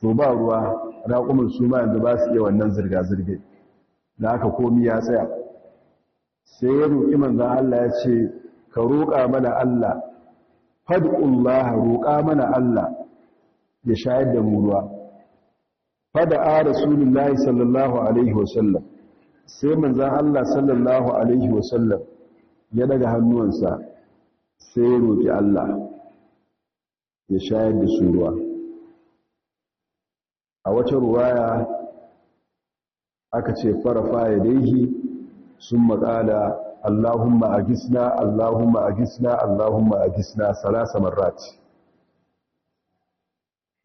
to ba ruwa raƙuman su ma yanzu ba su iya wannan zirga-zirga da aka komi ya tsaya sai ya roƙi manzan Allah ya ce ka roƙa mana Allah fad'ullah roƙa mana Allah ya shayar da mu ruwa fada'a rasulullahi sallallahu alaihi wasallam sai manzan Allah sallallahu alaihi wasallam ya daga hannuwansa sai ya roƙi Allah ya shayar da su ruwa a wata ruwaya aka ce farafa ya daihi ثم قال Allahumma أجسنا اللهم أجسنا اللهم أجسنا salasa مرات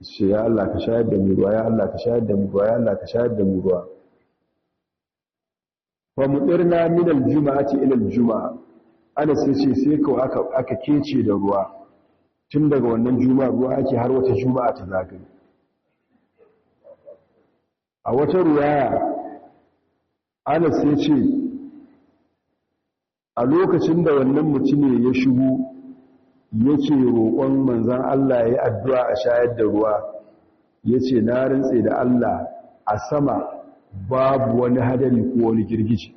shi ya Allah ka shayar da mu ruwa ya Allah ka shayar da mu ruwa ya Allah ka shayar da mu ruwa wa mudirna min aljuma'ati ila aljuma'a ana sai ce sai ko aka aka kece da ruwa tun daga wannan juma'a ruwa ake har wata juma'a ta zagaye a wata ruwaya ana sai ce a lokacin da wannan mutum ya shigo yace roƙon Manzon, Allah ya addu'a a shayar da ruwa ya ce na rantse da Allah a sama babu wani hadari ko wani girgije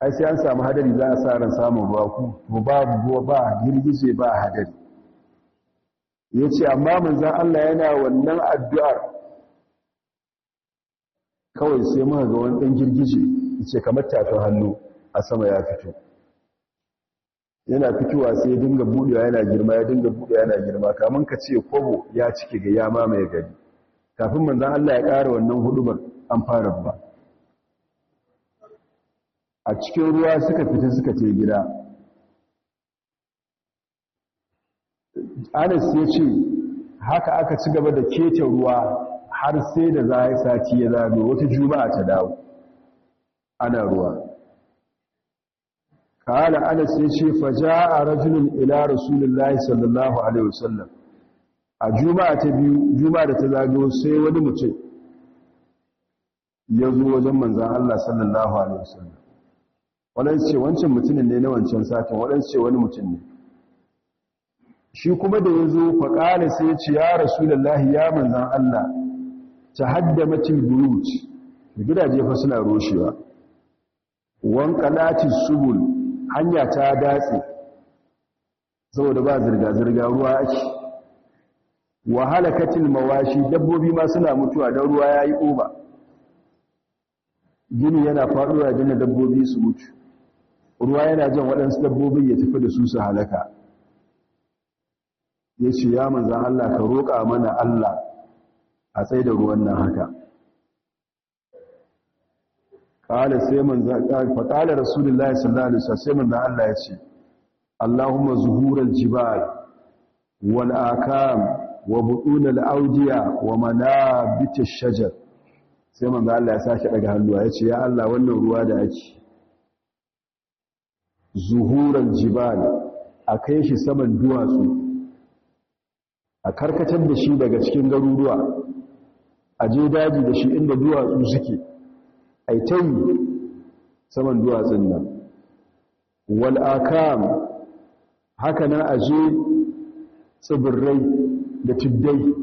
ai sai an samu hadari za a sa ran samun ruwa ku to babu ruwa ba girgije ba hadari ya ce amma Manzon, Allah yana wannan addu'ar kawai sai muka ga wani ɗan girgije ya ce kamar tafin hannu a sama ya fito yana fitowa sai ya dinga budewa yana girma ya dinga budewa yana girma Kamar ka ce kobo ya cike ga ya mamaye gari kafin manzon Allah ya ƙara wannan hudubar an fara ruwa a cikin ruwa suka fita suka ce gida Anas ya ce haka aka ci gaba da kece ruwa har sai da za yi sati ya zago wata juma'a ta dawo ana ruwa kala anas ya ce faja a rajulun ila rasulullahi sallallahu alaihi wasallam a juma'a ta biyu juma'a da ta zagayo sai wani mutum ya zo wajen manzan Allah sallallahu alaihi wasallam waɗansu ce wancan mutumin ne na wancan satin waɗansu ce wani mutum ne shi kuma da ya zo faƙala sai ce ya rasulullahi ya manzan Allah ta hadda matil buruj gidaje fa suna roshewa wanqalatis subul hanya ta datse saboda ba zirga-zirga ruwa ake wahala katin mawashi dabbobi ma suna mutuwa don ruwa ya yi oba gini yana faɗuwa gina dabbobi su mutu ruwa yana jan waɗansu dabbobi ya tafi da su su halaka ya ce ya manzan Allah ka roƙa mana Allah a tsaye da ruwan nan haka kala sai manzo fa kala rasulullahi sallallahu alaihi wasallam sai da Allah ya ce Allahumma zuhuran jibal wal akam wa butun al awdiya wa manabit ash-shajar sai da Allah ya sake daga hannuwa ya ce ya Allah wannan ruwa da ake zuhuran jibal a kai shi saman duwatsu a karkatar da shi daga cikin garuruwa Aje daji da shi inda duwatsu suke ai ta saman duwatsun nan wal'akam haka nan aje tsibirai da tuddai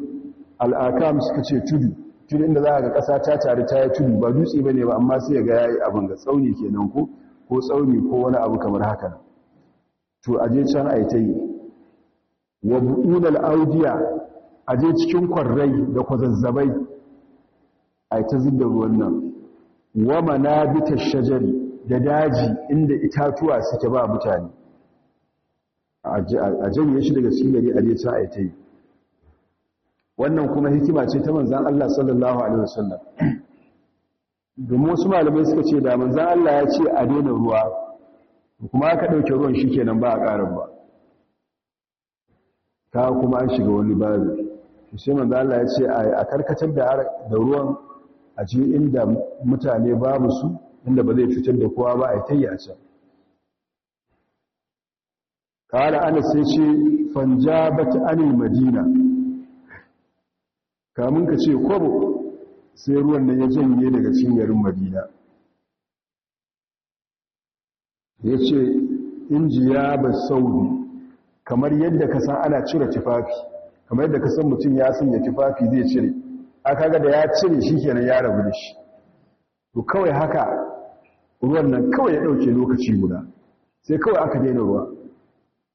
al'akam suka ce tudu tudu inda za a ga ƙasa ta tare ta yi tudu ba dutse ba ne ba amma sai ga yayi abin ga tsauni kenan ko ko tsauni ko wani abu kamar haka to aje can a ta yi wa buɗin al'audiya aje cikin kwarrai da kwazazzabai a ta zidda ruwan nan wa manabita shajari da daji inda itatuwa suke ba mutane a janye shi daga cikin gari a leta a ta yi wannan kuma hikima ce ta manzan Allah sallallahu alaihi wasallam domin wasu malamai suka ce da manzan Allah ya ce a daina ruwa kuma aka ɗauke ruwan shi kenan ba a ƙarin ba Ta kuma an shiga wani babu sai manzan Allah ya ce a karkatar da ruwan a cikin inda mutane babu su inda ba zai fitar da kowa ba a tayya a can kala ana sai ce fanjabat anil madina kamun ka ce kwabo sai ruwan da ya janye daga cikin garin madina ya ce injiya ba saudi kamar yadda ka san ana cire tufafi kamar yadda ka san mutum ya sanya tufafi zai cire a kaga da ya cire shi kenan ya rabu da shi to kawai haka ruwan nan kawai ya ɗauke lokaci guda sai kawai aka daina ruwa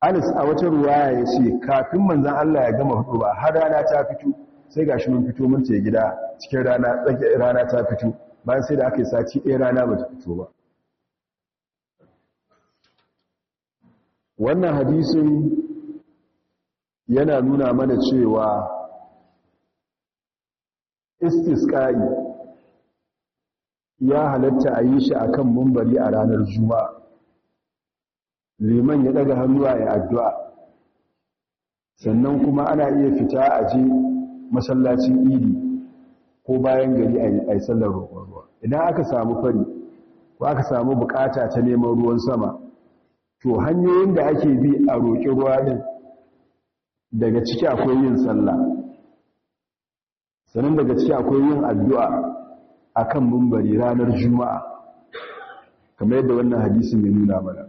anis a wata ruwa ya ce kafin manzan allah ya gama hudu ba har rana ta fito sai ga shi mun fito mun ce gida cikin rana rana ta fito bayan sai da aka yi sati ɗaya rana ba ta fito ba wannan hadisin yana nuna mana cewa istisqa'i ya halatta a yi shi akan mumbari a ranar juma'a liman ya ɗaga hannuwa ya addu'a sannan kuma ana iya fita a je masallacin idi ko bayan gari a yi sallar roƙon ruwa idan aka samu fari ko aka samu buƙata ta neman ruwan sama to hanyoyin da ake bi a roƙi ruwa ɗin daga ciki akwai yin sallah sannan daga ciki akwai yin addu'a a kan bambari ranar juma'a kamar yadda wannan hadisi ya nuna mana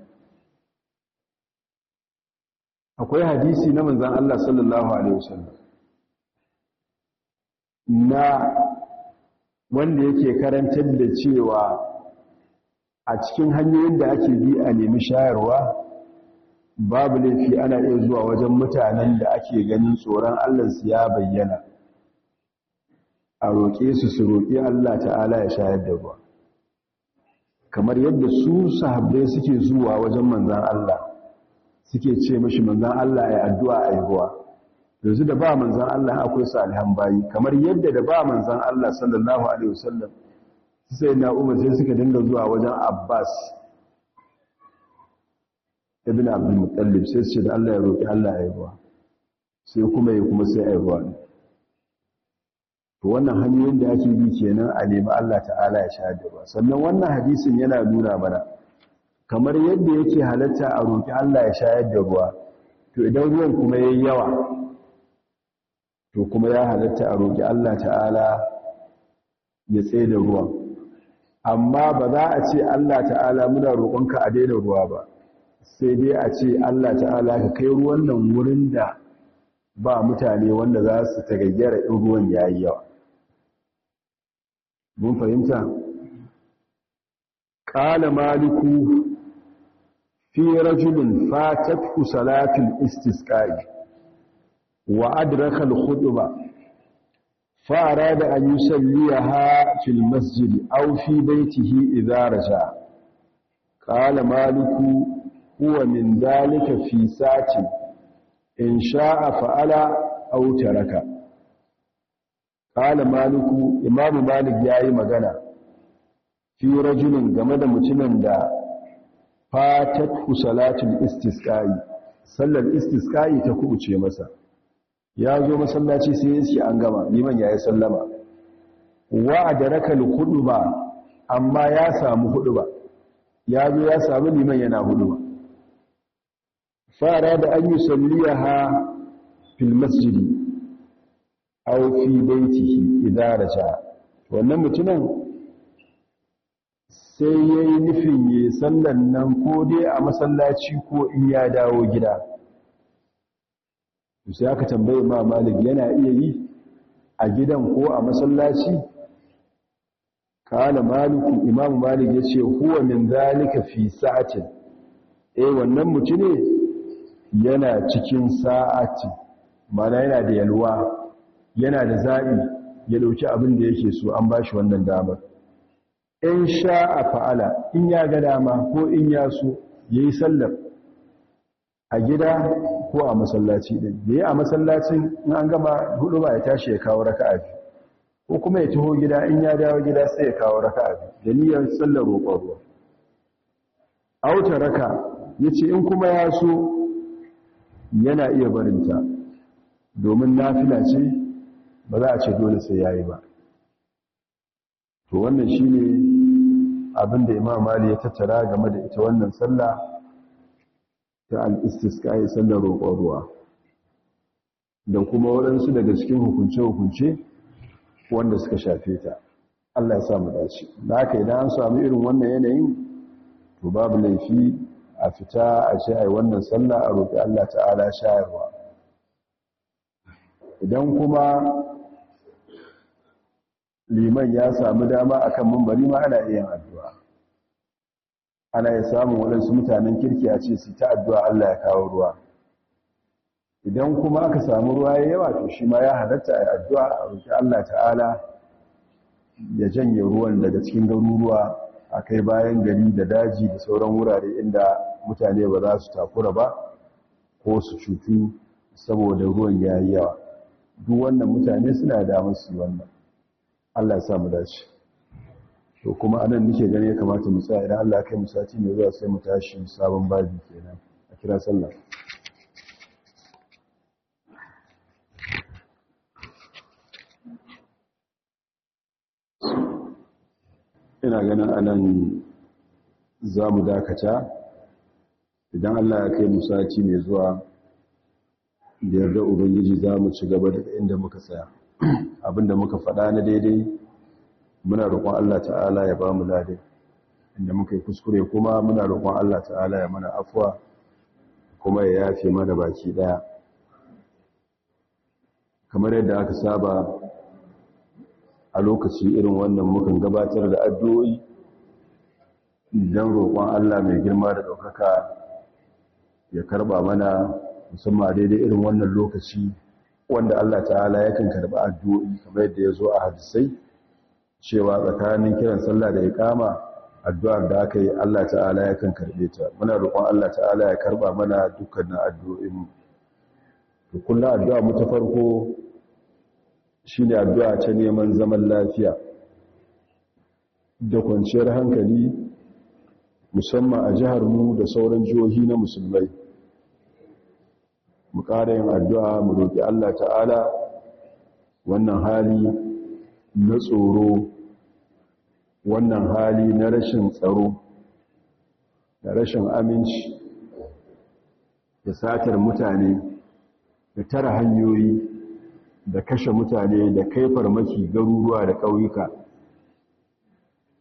akwai hadisi na manzan Allah sallallahu Alaihi wasallam na wanda yake karantar da cewa a cikin hanyoyin da ake bi a nemi shayarwa babu laifi ana iya zuwa wajen mutanen da ake ganin tsoron su ya bayyana a roƙe su su roƙi Allah ta'ala ya shayar da ruwa kamar yadda su sahabbai suke zuwa wajen manzan Allah suke ce mashi manzan Allah ya addu'a a ruwa yanzu da ba manzan Allah akwai salihan bayi kamar yadda da ba manzan Allah sallallahu alaihi wasallam sai na umar sai suka dinga zuwa wajen Abbas ibn Abdul Muttalib sai su ce da Allah ya roƙi Allah ya ruwa sai kuma ya kuma sai ya ruwa wannan hanyoyin da ake bi kenan a nemi Allah ta'ala ya shahada ba sannan wannan hadisin yana nuna mana kamar yadda yake halatta a roki Allah ya shayar ruwa to idan ruwan kuma yayi yawa to kuma ya halatta a roki Allah ta'ala ya tsaye da ruwan amma ba za a ce Allah ta'ala muna roƙonka a daina ruwa ba sai dai a ce Allah ta'ala ka kai ruwan nan wurin da ba mutane wanda za su tagayyara in ruwan yayi yawa mun fahimta qala maliku fi rajulin fatatu صلاة istisqa'i wa adraka al-khutba فأراد أن يصليها في المسجد أو في بيته إذا رجع قال مالك هو من ذلك في ساعة إن شاء فألا أو ترك qala maliku imamu malik ya yi magana fi rajulin game da mutumin da fatat salatul istisqai sallar istisqai ta kubuce masa ya zo masallaci sai ya ce an gama liman yayi sallama wa adraka al ba, amma ya samu ba. ya zo ya samu liman yana ba. fara da an yusalliha fil masjidi aw fi baitihi idza raja wannan mutumin sai yayi nufin yi sallan nan ko dai a masallaci ko in ya dawo gida sai aka tambaye ma malik yana iya yi a gidan ko a masallaci kala maliki imam malik ya ce huwa min zalika fi sa'atin eh wannan mutune yana cikin sa'ati mana yana da yalwa yana da zaɓi ya ɗauki abin da yake so an bashi wannan damar in sha a fa'ala in ya ga dama ko in ya so ya yi sallar a gida ko a masallaci ɗin ya a masallacin in an gama hudu ba ya tashi ya kawo raka'a bi? ko kuma ya taho gida in ya dawo gida sai ya kawo raka'a bi? da niyyar sallar roƙon ruwa a raka ya ce in kuma ya so yana iya barinta domin nafila ce ba za a ce dole sai yayi ba to wannan shine abinda Imam Ali ya tattara game da ita wannan sallah ta al-istisqa sallar roƙon ruwa da kuma waɗansu daga cikin hukunce-hukunce wanda suka shafe ta Allah ya sa mu dace da haka idan an samu irin wannan yanayin to babu laifi a fita a ce ai wannan sallah a roƙi Allah ta'ala shayarwa idan kuma liman ya samu dama akan mambari ma ana iya addu'a ana ya samu waɗansu mutanen kirki a ce su ta addu'a Allah ya kawo ruwa idan kuma aka samu ruwa ya yawa to shi ma ya halatta a addu'a a roƙi Allah ta'ala ya janye ruwan daga cikin garuruwa a kai bayan gari da daji da sauran wurare inda mutane ba za su takura ba ko su cutu saboda ruwan ya yi yawa duk wannan mutane suna da yi wannan Allah ya sa mu dace to kuma anan nake gani ya kamata mu tsaya idan Allah ya kai mu sati mai zuwa sai mu tashi sabon babi kenan a kira sallah ina ganin anan za mu dakata idan Allah ya kai mu sati mai zuwa da yarda ubangiji za mu ci gaba daga inda muka tsaya Abin da muka faɗa na daidai muna roƙon Allah ta'ala ya ba mu ladai inda muka yi kuskure kuma muna roƙon Allah ta'ala ya mana afuwa kuma ya yafe mana baki ɗaya kamar yadda aka saba a lokaci irin wannan mukan gabatar da addu'o'i don roƙon Allah mai girma da ɗaukaka ya karɓa mana musamman daidai irin wannan lokaci wanda Allah ta'ala yakan karɓi addu'o'i kamar yadda ya zo a hadisai cewa tsakanin kiran sallah da iqama addu'ar da aka yi Allah ta'ala kan karɓe ta muna roƙon Allah ta'ala ya karɓa mana dukkanin addu'o'in to kullu addu'a mu ta farko shine addu'a ta neman zaman lafiya da kwanciyar hankali musamman a jihar mu da sauran jihohi na musulmai mu ƙara yin addu'a mu roƙi Allah ta'ala wannan hali na tsoro wannan hali na rashin tsaro da rashin aminci da satar mutane da tara hanyoyi da kashe mutane da kai farmaki garuruwa da ƙauyuka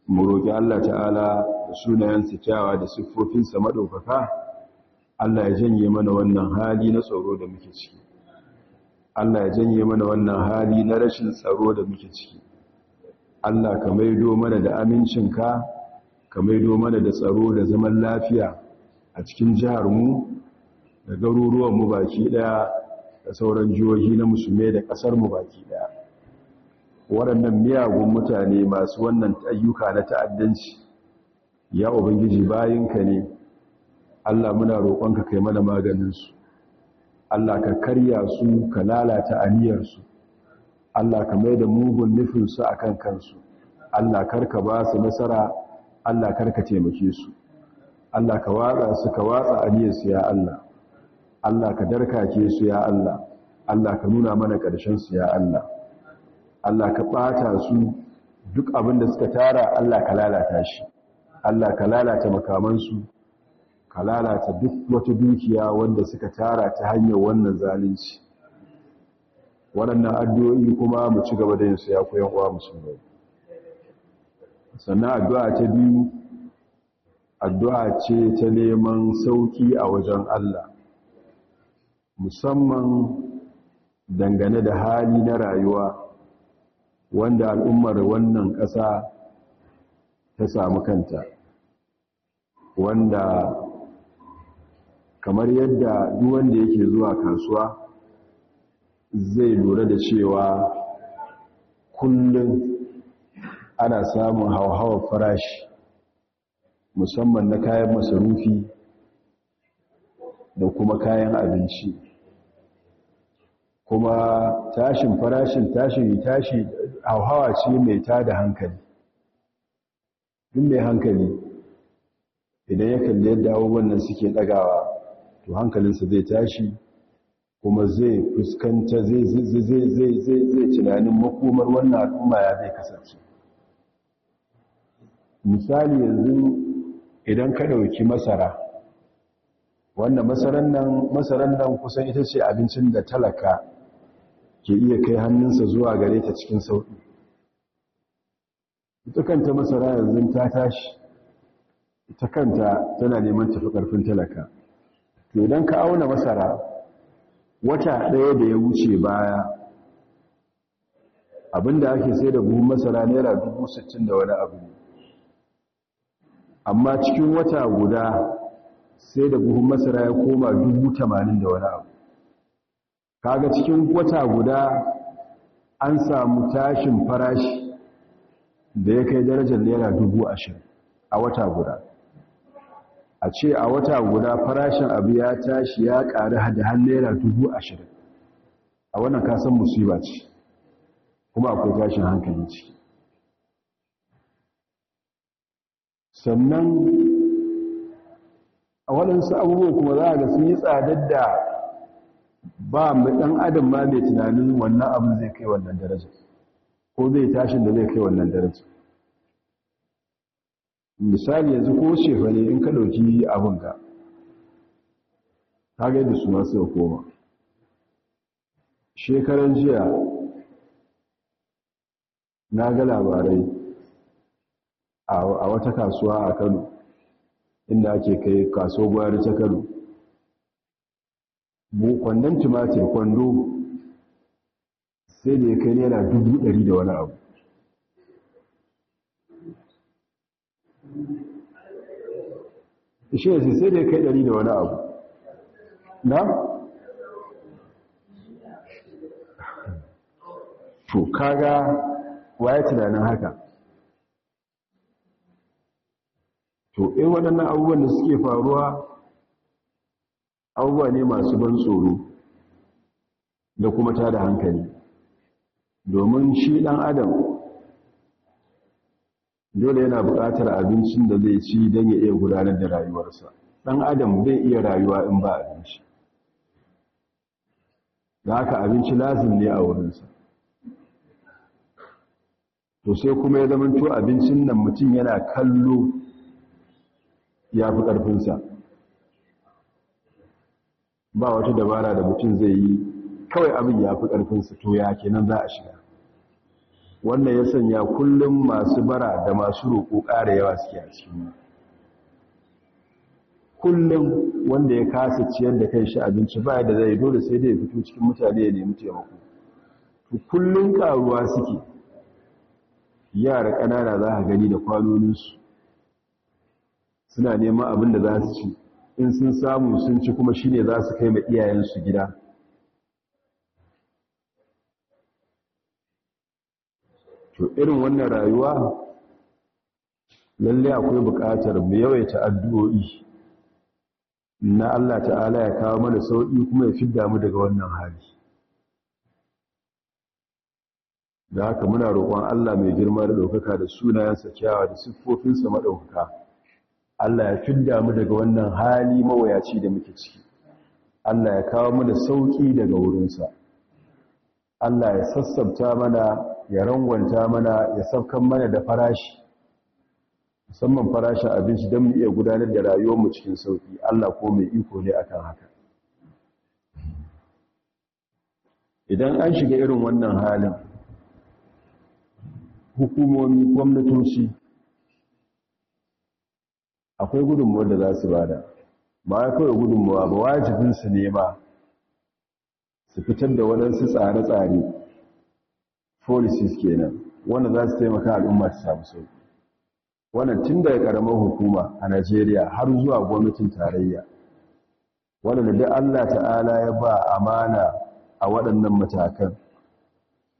mu roƙi Allah ta'ala da sunayensa kyawa da siffofinsa maɗaukaka Allah ya janye mana wannan hali na tsaro da muke ciki Allah ya janye mana wannan hali na rashin tsaro da muke ciki Allah ka maido mana da amincinka ka maido mana da tsaro da zaman lafiya a cikin jihar mu da garuruwan mu baki daya da sauran jihohi na musulmai da kasar mu baki daya waɗannan miyagun mutane masu wannan ayyuka na ta'addanci ya ubangiji bayinka ne Allah muna roƙonka kai mana maganinsu Allah ka karya su ka lalata aniyarsu Allah ka mai da mugun nufinsu a kan kansu Allah karka ba su nasara Allah karka taimake su Allah ka watsa su ka watsa aniyarsu ya Allah Allah ka darkake su ya Allah Allah ka nuna mana ƙarshensu ya Allah Allah ka ɓata su duk abin da suka tara Allah ka lalata shi Allah ka lalata makamansu ka lalata duk wata dukiya wanda suka tara ta hanyar wannan zalunci waɗannan addu'o'i kuma mu ci gaba da yin su ya koyan uwa musulmai sannan addu'a ta biyu addu'a ce ta neman sauƙi a wajen Allah musamman dangane da hali na rayuwa wanda al'ummar wannan ƙasa ta samu kanta wanda kamar yadda duk wanda yake zuwa kasuwa zai lura da cewa kullum ana samun hauhawar farashi musamman na kayan masarufi da kuma kayan abinci kuma tashin farashin tashin tashi hauhawa ce mai tada hankali duk mai hankali idan ya kalli yadda abubuwan nan suke dagawa. to hankalinsa zai tashi kuma zai fuskanta zai zai tunanin makomar wannan al'umma ya zai kasance misali yanzu idan ka ɗauki masara wannan masaran nan masaran nan kusan ita ce abincin da talaka ke iya kai hannunsa zuwa gare ta cikin sauƙi ita kanta masara yanzu ta tashi ita kanta tana neman tafi ƙarfin talaka to idan ka auna masara wata ɗaya da ya wuce baya abinda ake sai da buhun masara naira dubu sittin da wani abu amma cikin wata guda sai da buhun masara ya koma dubu tamanin da wani abu kaga cikin wata guda an samu tashin farashi da ya kai darajar naira dubu a wata guda a ce a wata guda farashin abu ya tashi ya ƙari da har naira dubu ashirin a wannan kasan musiba ce kuma akwai tashin hankali ce sannan a waɗansu abubuwan kuma za a ga sun yi tsadar da ba mu ɗan adam ma mai tunanin wannan abin zai kai wannan daraja ko zai tashin da zai kai wannan daraja misali yanzu ko shefa ne in ka ɗauki abin ka gaida su masu koma shekaran jiya na ga labarai a wata kasuwa a kano inda ake kai kaso gwari ta kano kwandon tumatir kwando sai da ya kai naira dubu ɗari da wani abu shi ne sai da kai ɗari da wani abu na? to kaga waye tunanin haka to in waɗannan abubuwan da suke faruwa abubuwa ne masu ban tsoro da kuma ta da hankali domin shi ɗan adam dole yana buƙatar abincin da zai ci don ya iya gudanar da rayuwarsa ɗan adam zai iya rayuwa in ba abinci da haka abinci lazim ne a wurinsa to sai kuma ya zamanto abincin nan mutum yana kallo ya fi ƙarfinsa ba wata dabara da mutum zai yi kawai abin ya fi ƙarfinsa to ya kenan za a shiga wannan ya sanya kullum masu bara da masu roƙo ƙara yawa suke a cikin kullum wanda ya kasa ciyar da kai shi abinci baya da zai dole sai dai ya fito cikin mutane ya nemi taimako kullum ƙaruwa suke yara ƙanana za ka gani da kwanoninsu suna neman abin da za su ci in sun samu sun ci kuma shi ne za su kai ma iyayensu gida to irin wannan rayuwa lalle akwai buƙatar mu yawaita addu'o'i na Allah ta'ala ya kawo mana sauƙi kuma ya fidda mu daga wannan hali da haka muna roƙon Allah mai girma da ɗaukaka da sunayensa kyawa da siffofinsa maɗaukaka Allah ya fidda mu daga wannan hali mawayaci da muke ciki Allah ya kawo mana sauƙi daga wurinsa Allah ya sassabta mana ya rangwanta mana ya safkan mana da farashi musamman farashin abinci don mu iya gudanar da rayuwarmu cikin sauƙi Allah ko mai iko ne akan haka idan an shiga irin wannan halin hukumomi gwamnatoci akwai gudunmuwar da za su bada ba ya kawai gudunmuwa ba wajibinsu ne ba su fitar da waɗansu tsare-tsare policies kenan wanda za su taimaka al'umma ta samu sauki wannan tun daga karamar hukuma a Najeriya har zuwa gwamnatin tarayya wanda da Allah ta'ala ya ba amana a waɗannan matakan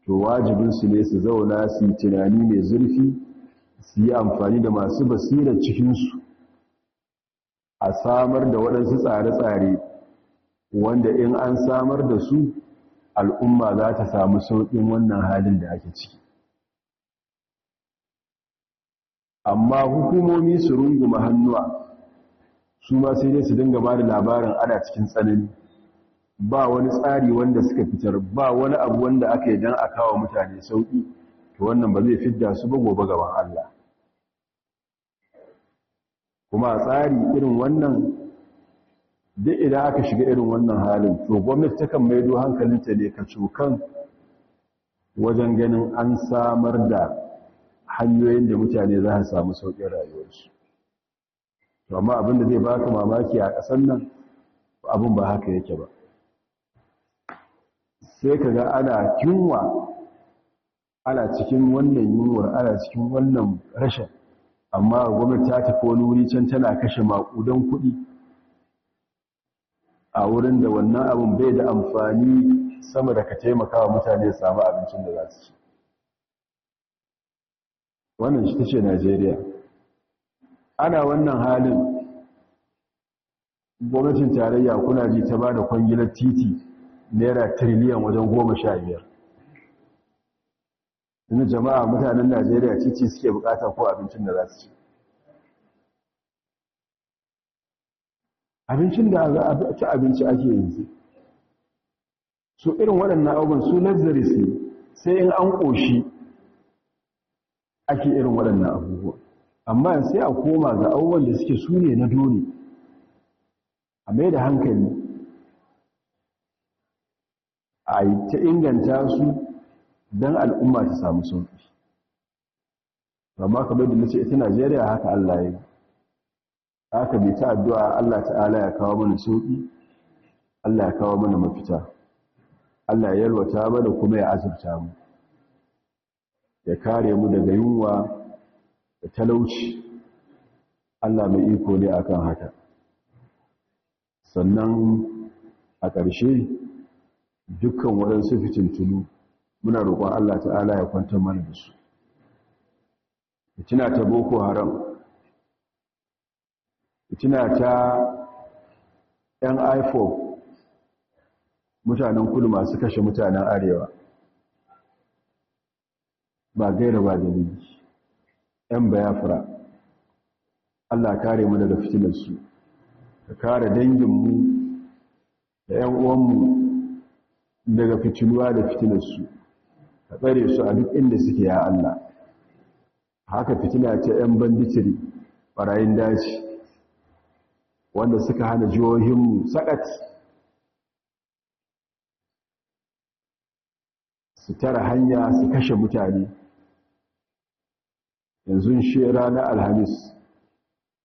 to wajibin su ne su zauna su tunani mai zurfi su yi amfani da masu cikin cikinsu a samar da waɗansu tsare-tsare wanda in an samar da su al'umma za ta samu sauƙin wannan halin da ake ciki amma hukumomi su runguma hannuwa su ma sai dai su dinga ba da labarin ana cikin tsanani ba wani tsari wanda suka fitar ba wani abu wanda aka yi don a kawo mutane sauƙi to wannan ba zai fidda su ba gobe gaban Allah kuma tsari irin wannan duk idan aka shiga irin wannan halin to gwamnati takan maido ta ne ka cokan wajen ganin an samar da hanyoyin da mutane za su samu sauƙin rayuwarsu amma abin da zai baka mamaki a ƙasar nan abin ba haka yake ba sai ka ga ana kinwa ana cikin wannan yunwar ana cikin wannan rashin amma gwamnati ta tafi wani wuri can tana kashe maƙudan kuɗi a wurin da wannan abin bai da amfani sama da ka taimaka wa mutane samu abincin da za su ci wannan shi ce najeriya ana wannan halin gwamnatin tarayya kuna ji ta ba da kwangilar titi naira tiriliyan wajen goma sha biyar inda jama'a mutanen najeriya titi suke bukata ko abincin da za su ci abincin da a ci abinci ake yanzu su irin waɗannan abubuwan su lazari su sai in an ƙoshi ake irin waɗannan abubuwa amma sai a koma ga abubuwan da suke su ne na dole a mai da hankali a yi ta inganta su don al'umma ta samu sauƙi amma kamar da nace ita najeriya haka allah ya yi haka bai ta addu'a Allah ta'ala ya kawo mana sauƙi Allah ya kawo mana mafita Allah ya yalwata mana kuma ya azurta mu ya kare mu daga yunwa da talauci Allah mai iko ne akan haka sannan a ƙarshe dukkan waɗansu fitintunu muna roƙon Allah ta'ala ya kwantar mana da su tuna ta boko haram fitina ta yan iphone mutanen kudu masu kashe mutanen arewa ba gaira ba dalili yan bayafra allah kare mu daga fitilarsu ka kare danginmu da yan uwanmu daga fitiluwa da fitilarsu ka tsare su a duk inda suke ya allah haka fitila ce yan banditiri ɓarayin daji wanda suka hana jihohinmu sakat su tara hanya su kashe mutane yanzu shi ranar alhamis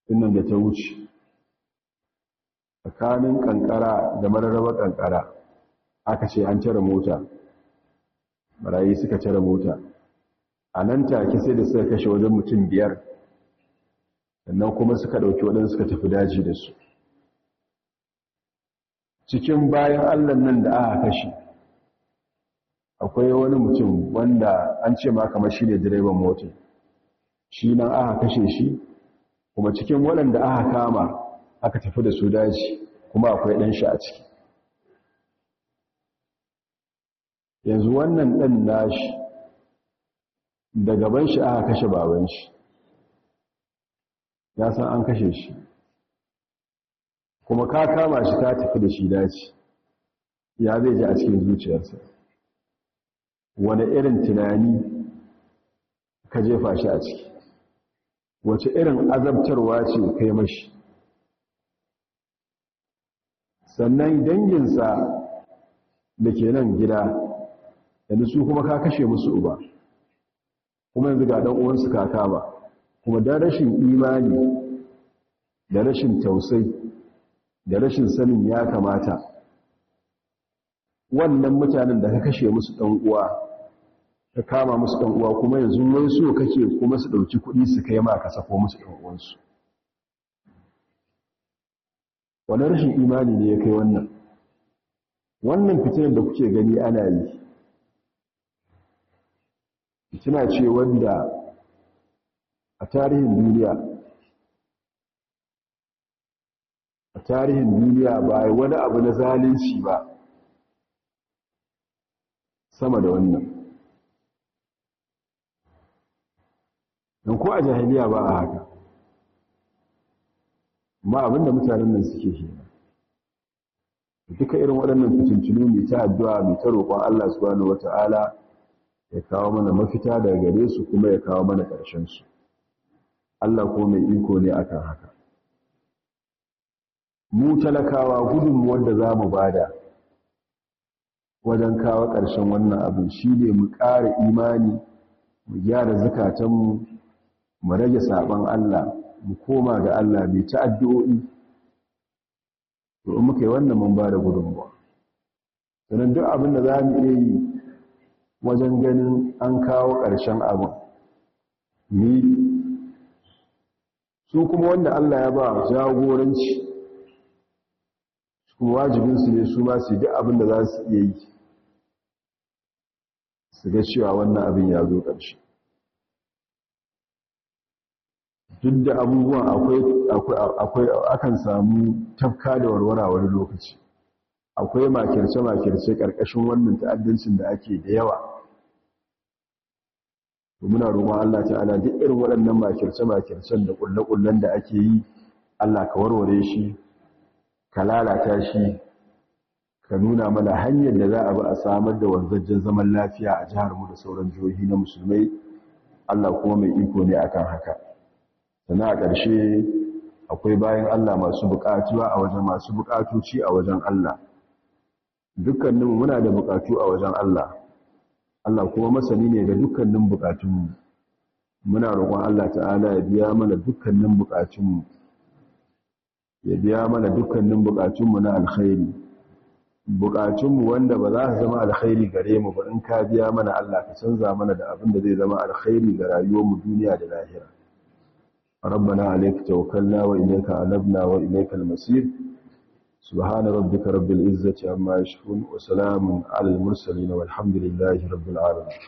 innan da ta wuce tsakanin kankara da mararraba kankara aka ce an cire mota marayi suka cire mota a nan take sai da suka kashe wajen mutum biyar sannan kuma suka ɗauki waɗanda suka tafi daji da su cikin bayan allah nan da aka kashe akwai wani mutum wanda an ce ma kamar shi ne direban mota shi nan aka kashe shi kuma cikin waɗanda aka kama aka tafi da su daji kuma akwai ɗan shi a ciki yanzu wannan ɗan nashi Daga ban shi aka kashe Babanshi. ya san an kashe shi kuma ka kama shi ta tafi da shi dace ya zai ji a cikin zuciyarsa wani irin tunani ka jefa shi a ciki wace irin azabtarwa ce kai mashi sannan danginsa da ke nan gida yanzu su kuma ka kashe musu uba kuma yanzu ga ɗan uwansu kaka ba kuma da rashin imani da rashin tausayi, da rashin sanin ya kamata wannan mutanen da ka kashe musu ɗan uwa ka kama musu ɗan uwa kuma yanzu wai so kake kuma su ɗauki kuɗi su kai ma ka sako musu ɗan uwansu wani rashin imani ne ya kai wannan wannan fitinar da kuke gani ana yi fitina ce wanda a tarihin duniya a tarihin duniya ba wani abu na zalunci ba sama da wannan don ko a jahiliya ba a haka ma abinda mutanen nan suke shi duka irin waɗannan fitintunu ne ta addu'a mai ta roƙon Allah subhanahu wata'ala ya kawo mana mafita daga gare su kuma ya kawo mana ƙarshen su Allah ko mai iko ne akan haka mu talakawa gudun wanda zamu mu bada wajen kawo ƙarshen wannan abin shi ne mu ƙara imani mu gyara zukatanmu mu rage saɓon Allah mu koma ga Allah mai ta addu'o'i to in muka wannan mun bada gudun gudunmuwa sannan duk abin da za mu iya yi wajen ganin an kawo ƙarshen abin ni. su kuma wanda Allah ya ba jagoranci su kuma wajibinsu ne su ma su duk abin da za su iya yi su ga cewa wannan abin ya zo ƙarshe duk da abubuwan akwai akan samu tafka da warwara wani lokaci akwai makirce-makirce ƙarƙashin wannan ta'addancin da ake da yawa to muna roƙon Allah ta'ala duk irin waɗannan makirce makircen da kullakullan da ake yi Allah ka warware shi ka lalata shi ka nuna mana hanyar da za a bi a samar da wanzajjen zaman lafiya a jihar mu da sauran jihohi na musulmai Allah kuma mai iko ne akan haka sannan a ƙarshe akwai bayan Allah masu buƙatuwa a wajen masu buƙatuci a wajen Allah dukkaninmu muna da buƙatu a wajen Allah Allah kuma masani ne ga dukkanin bukatunmu muna roƙon Allah ta'ala ya biya mana dukkanin bukatunmu ya biya mana dukkanin bukatunmu na alkhairi bukatunmu wanda ba za su zama alkhairi gare mu ba in ka biya mana Allah ka canza mana da abin da zai zama alkhairi ga rayuwarmu duniya da lahira ربنا عليك توكلنا وإليك أنبنا وإليك المسير سبحان ربك رب العزة عما يشكون وسلام على المرسلين والحمد لله رب العالمين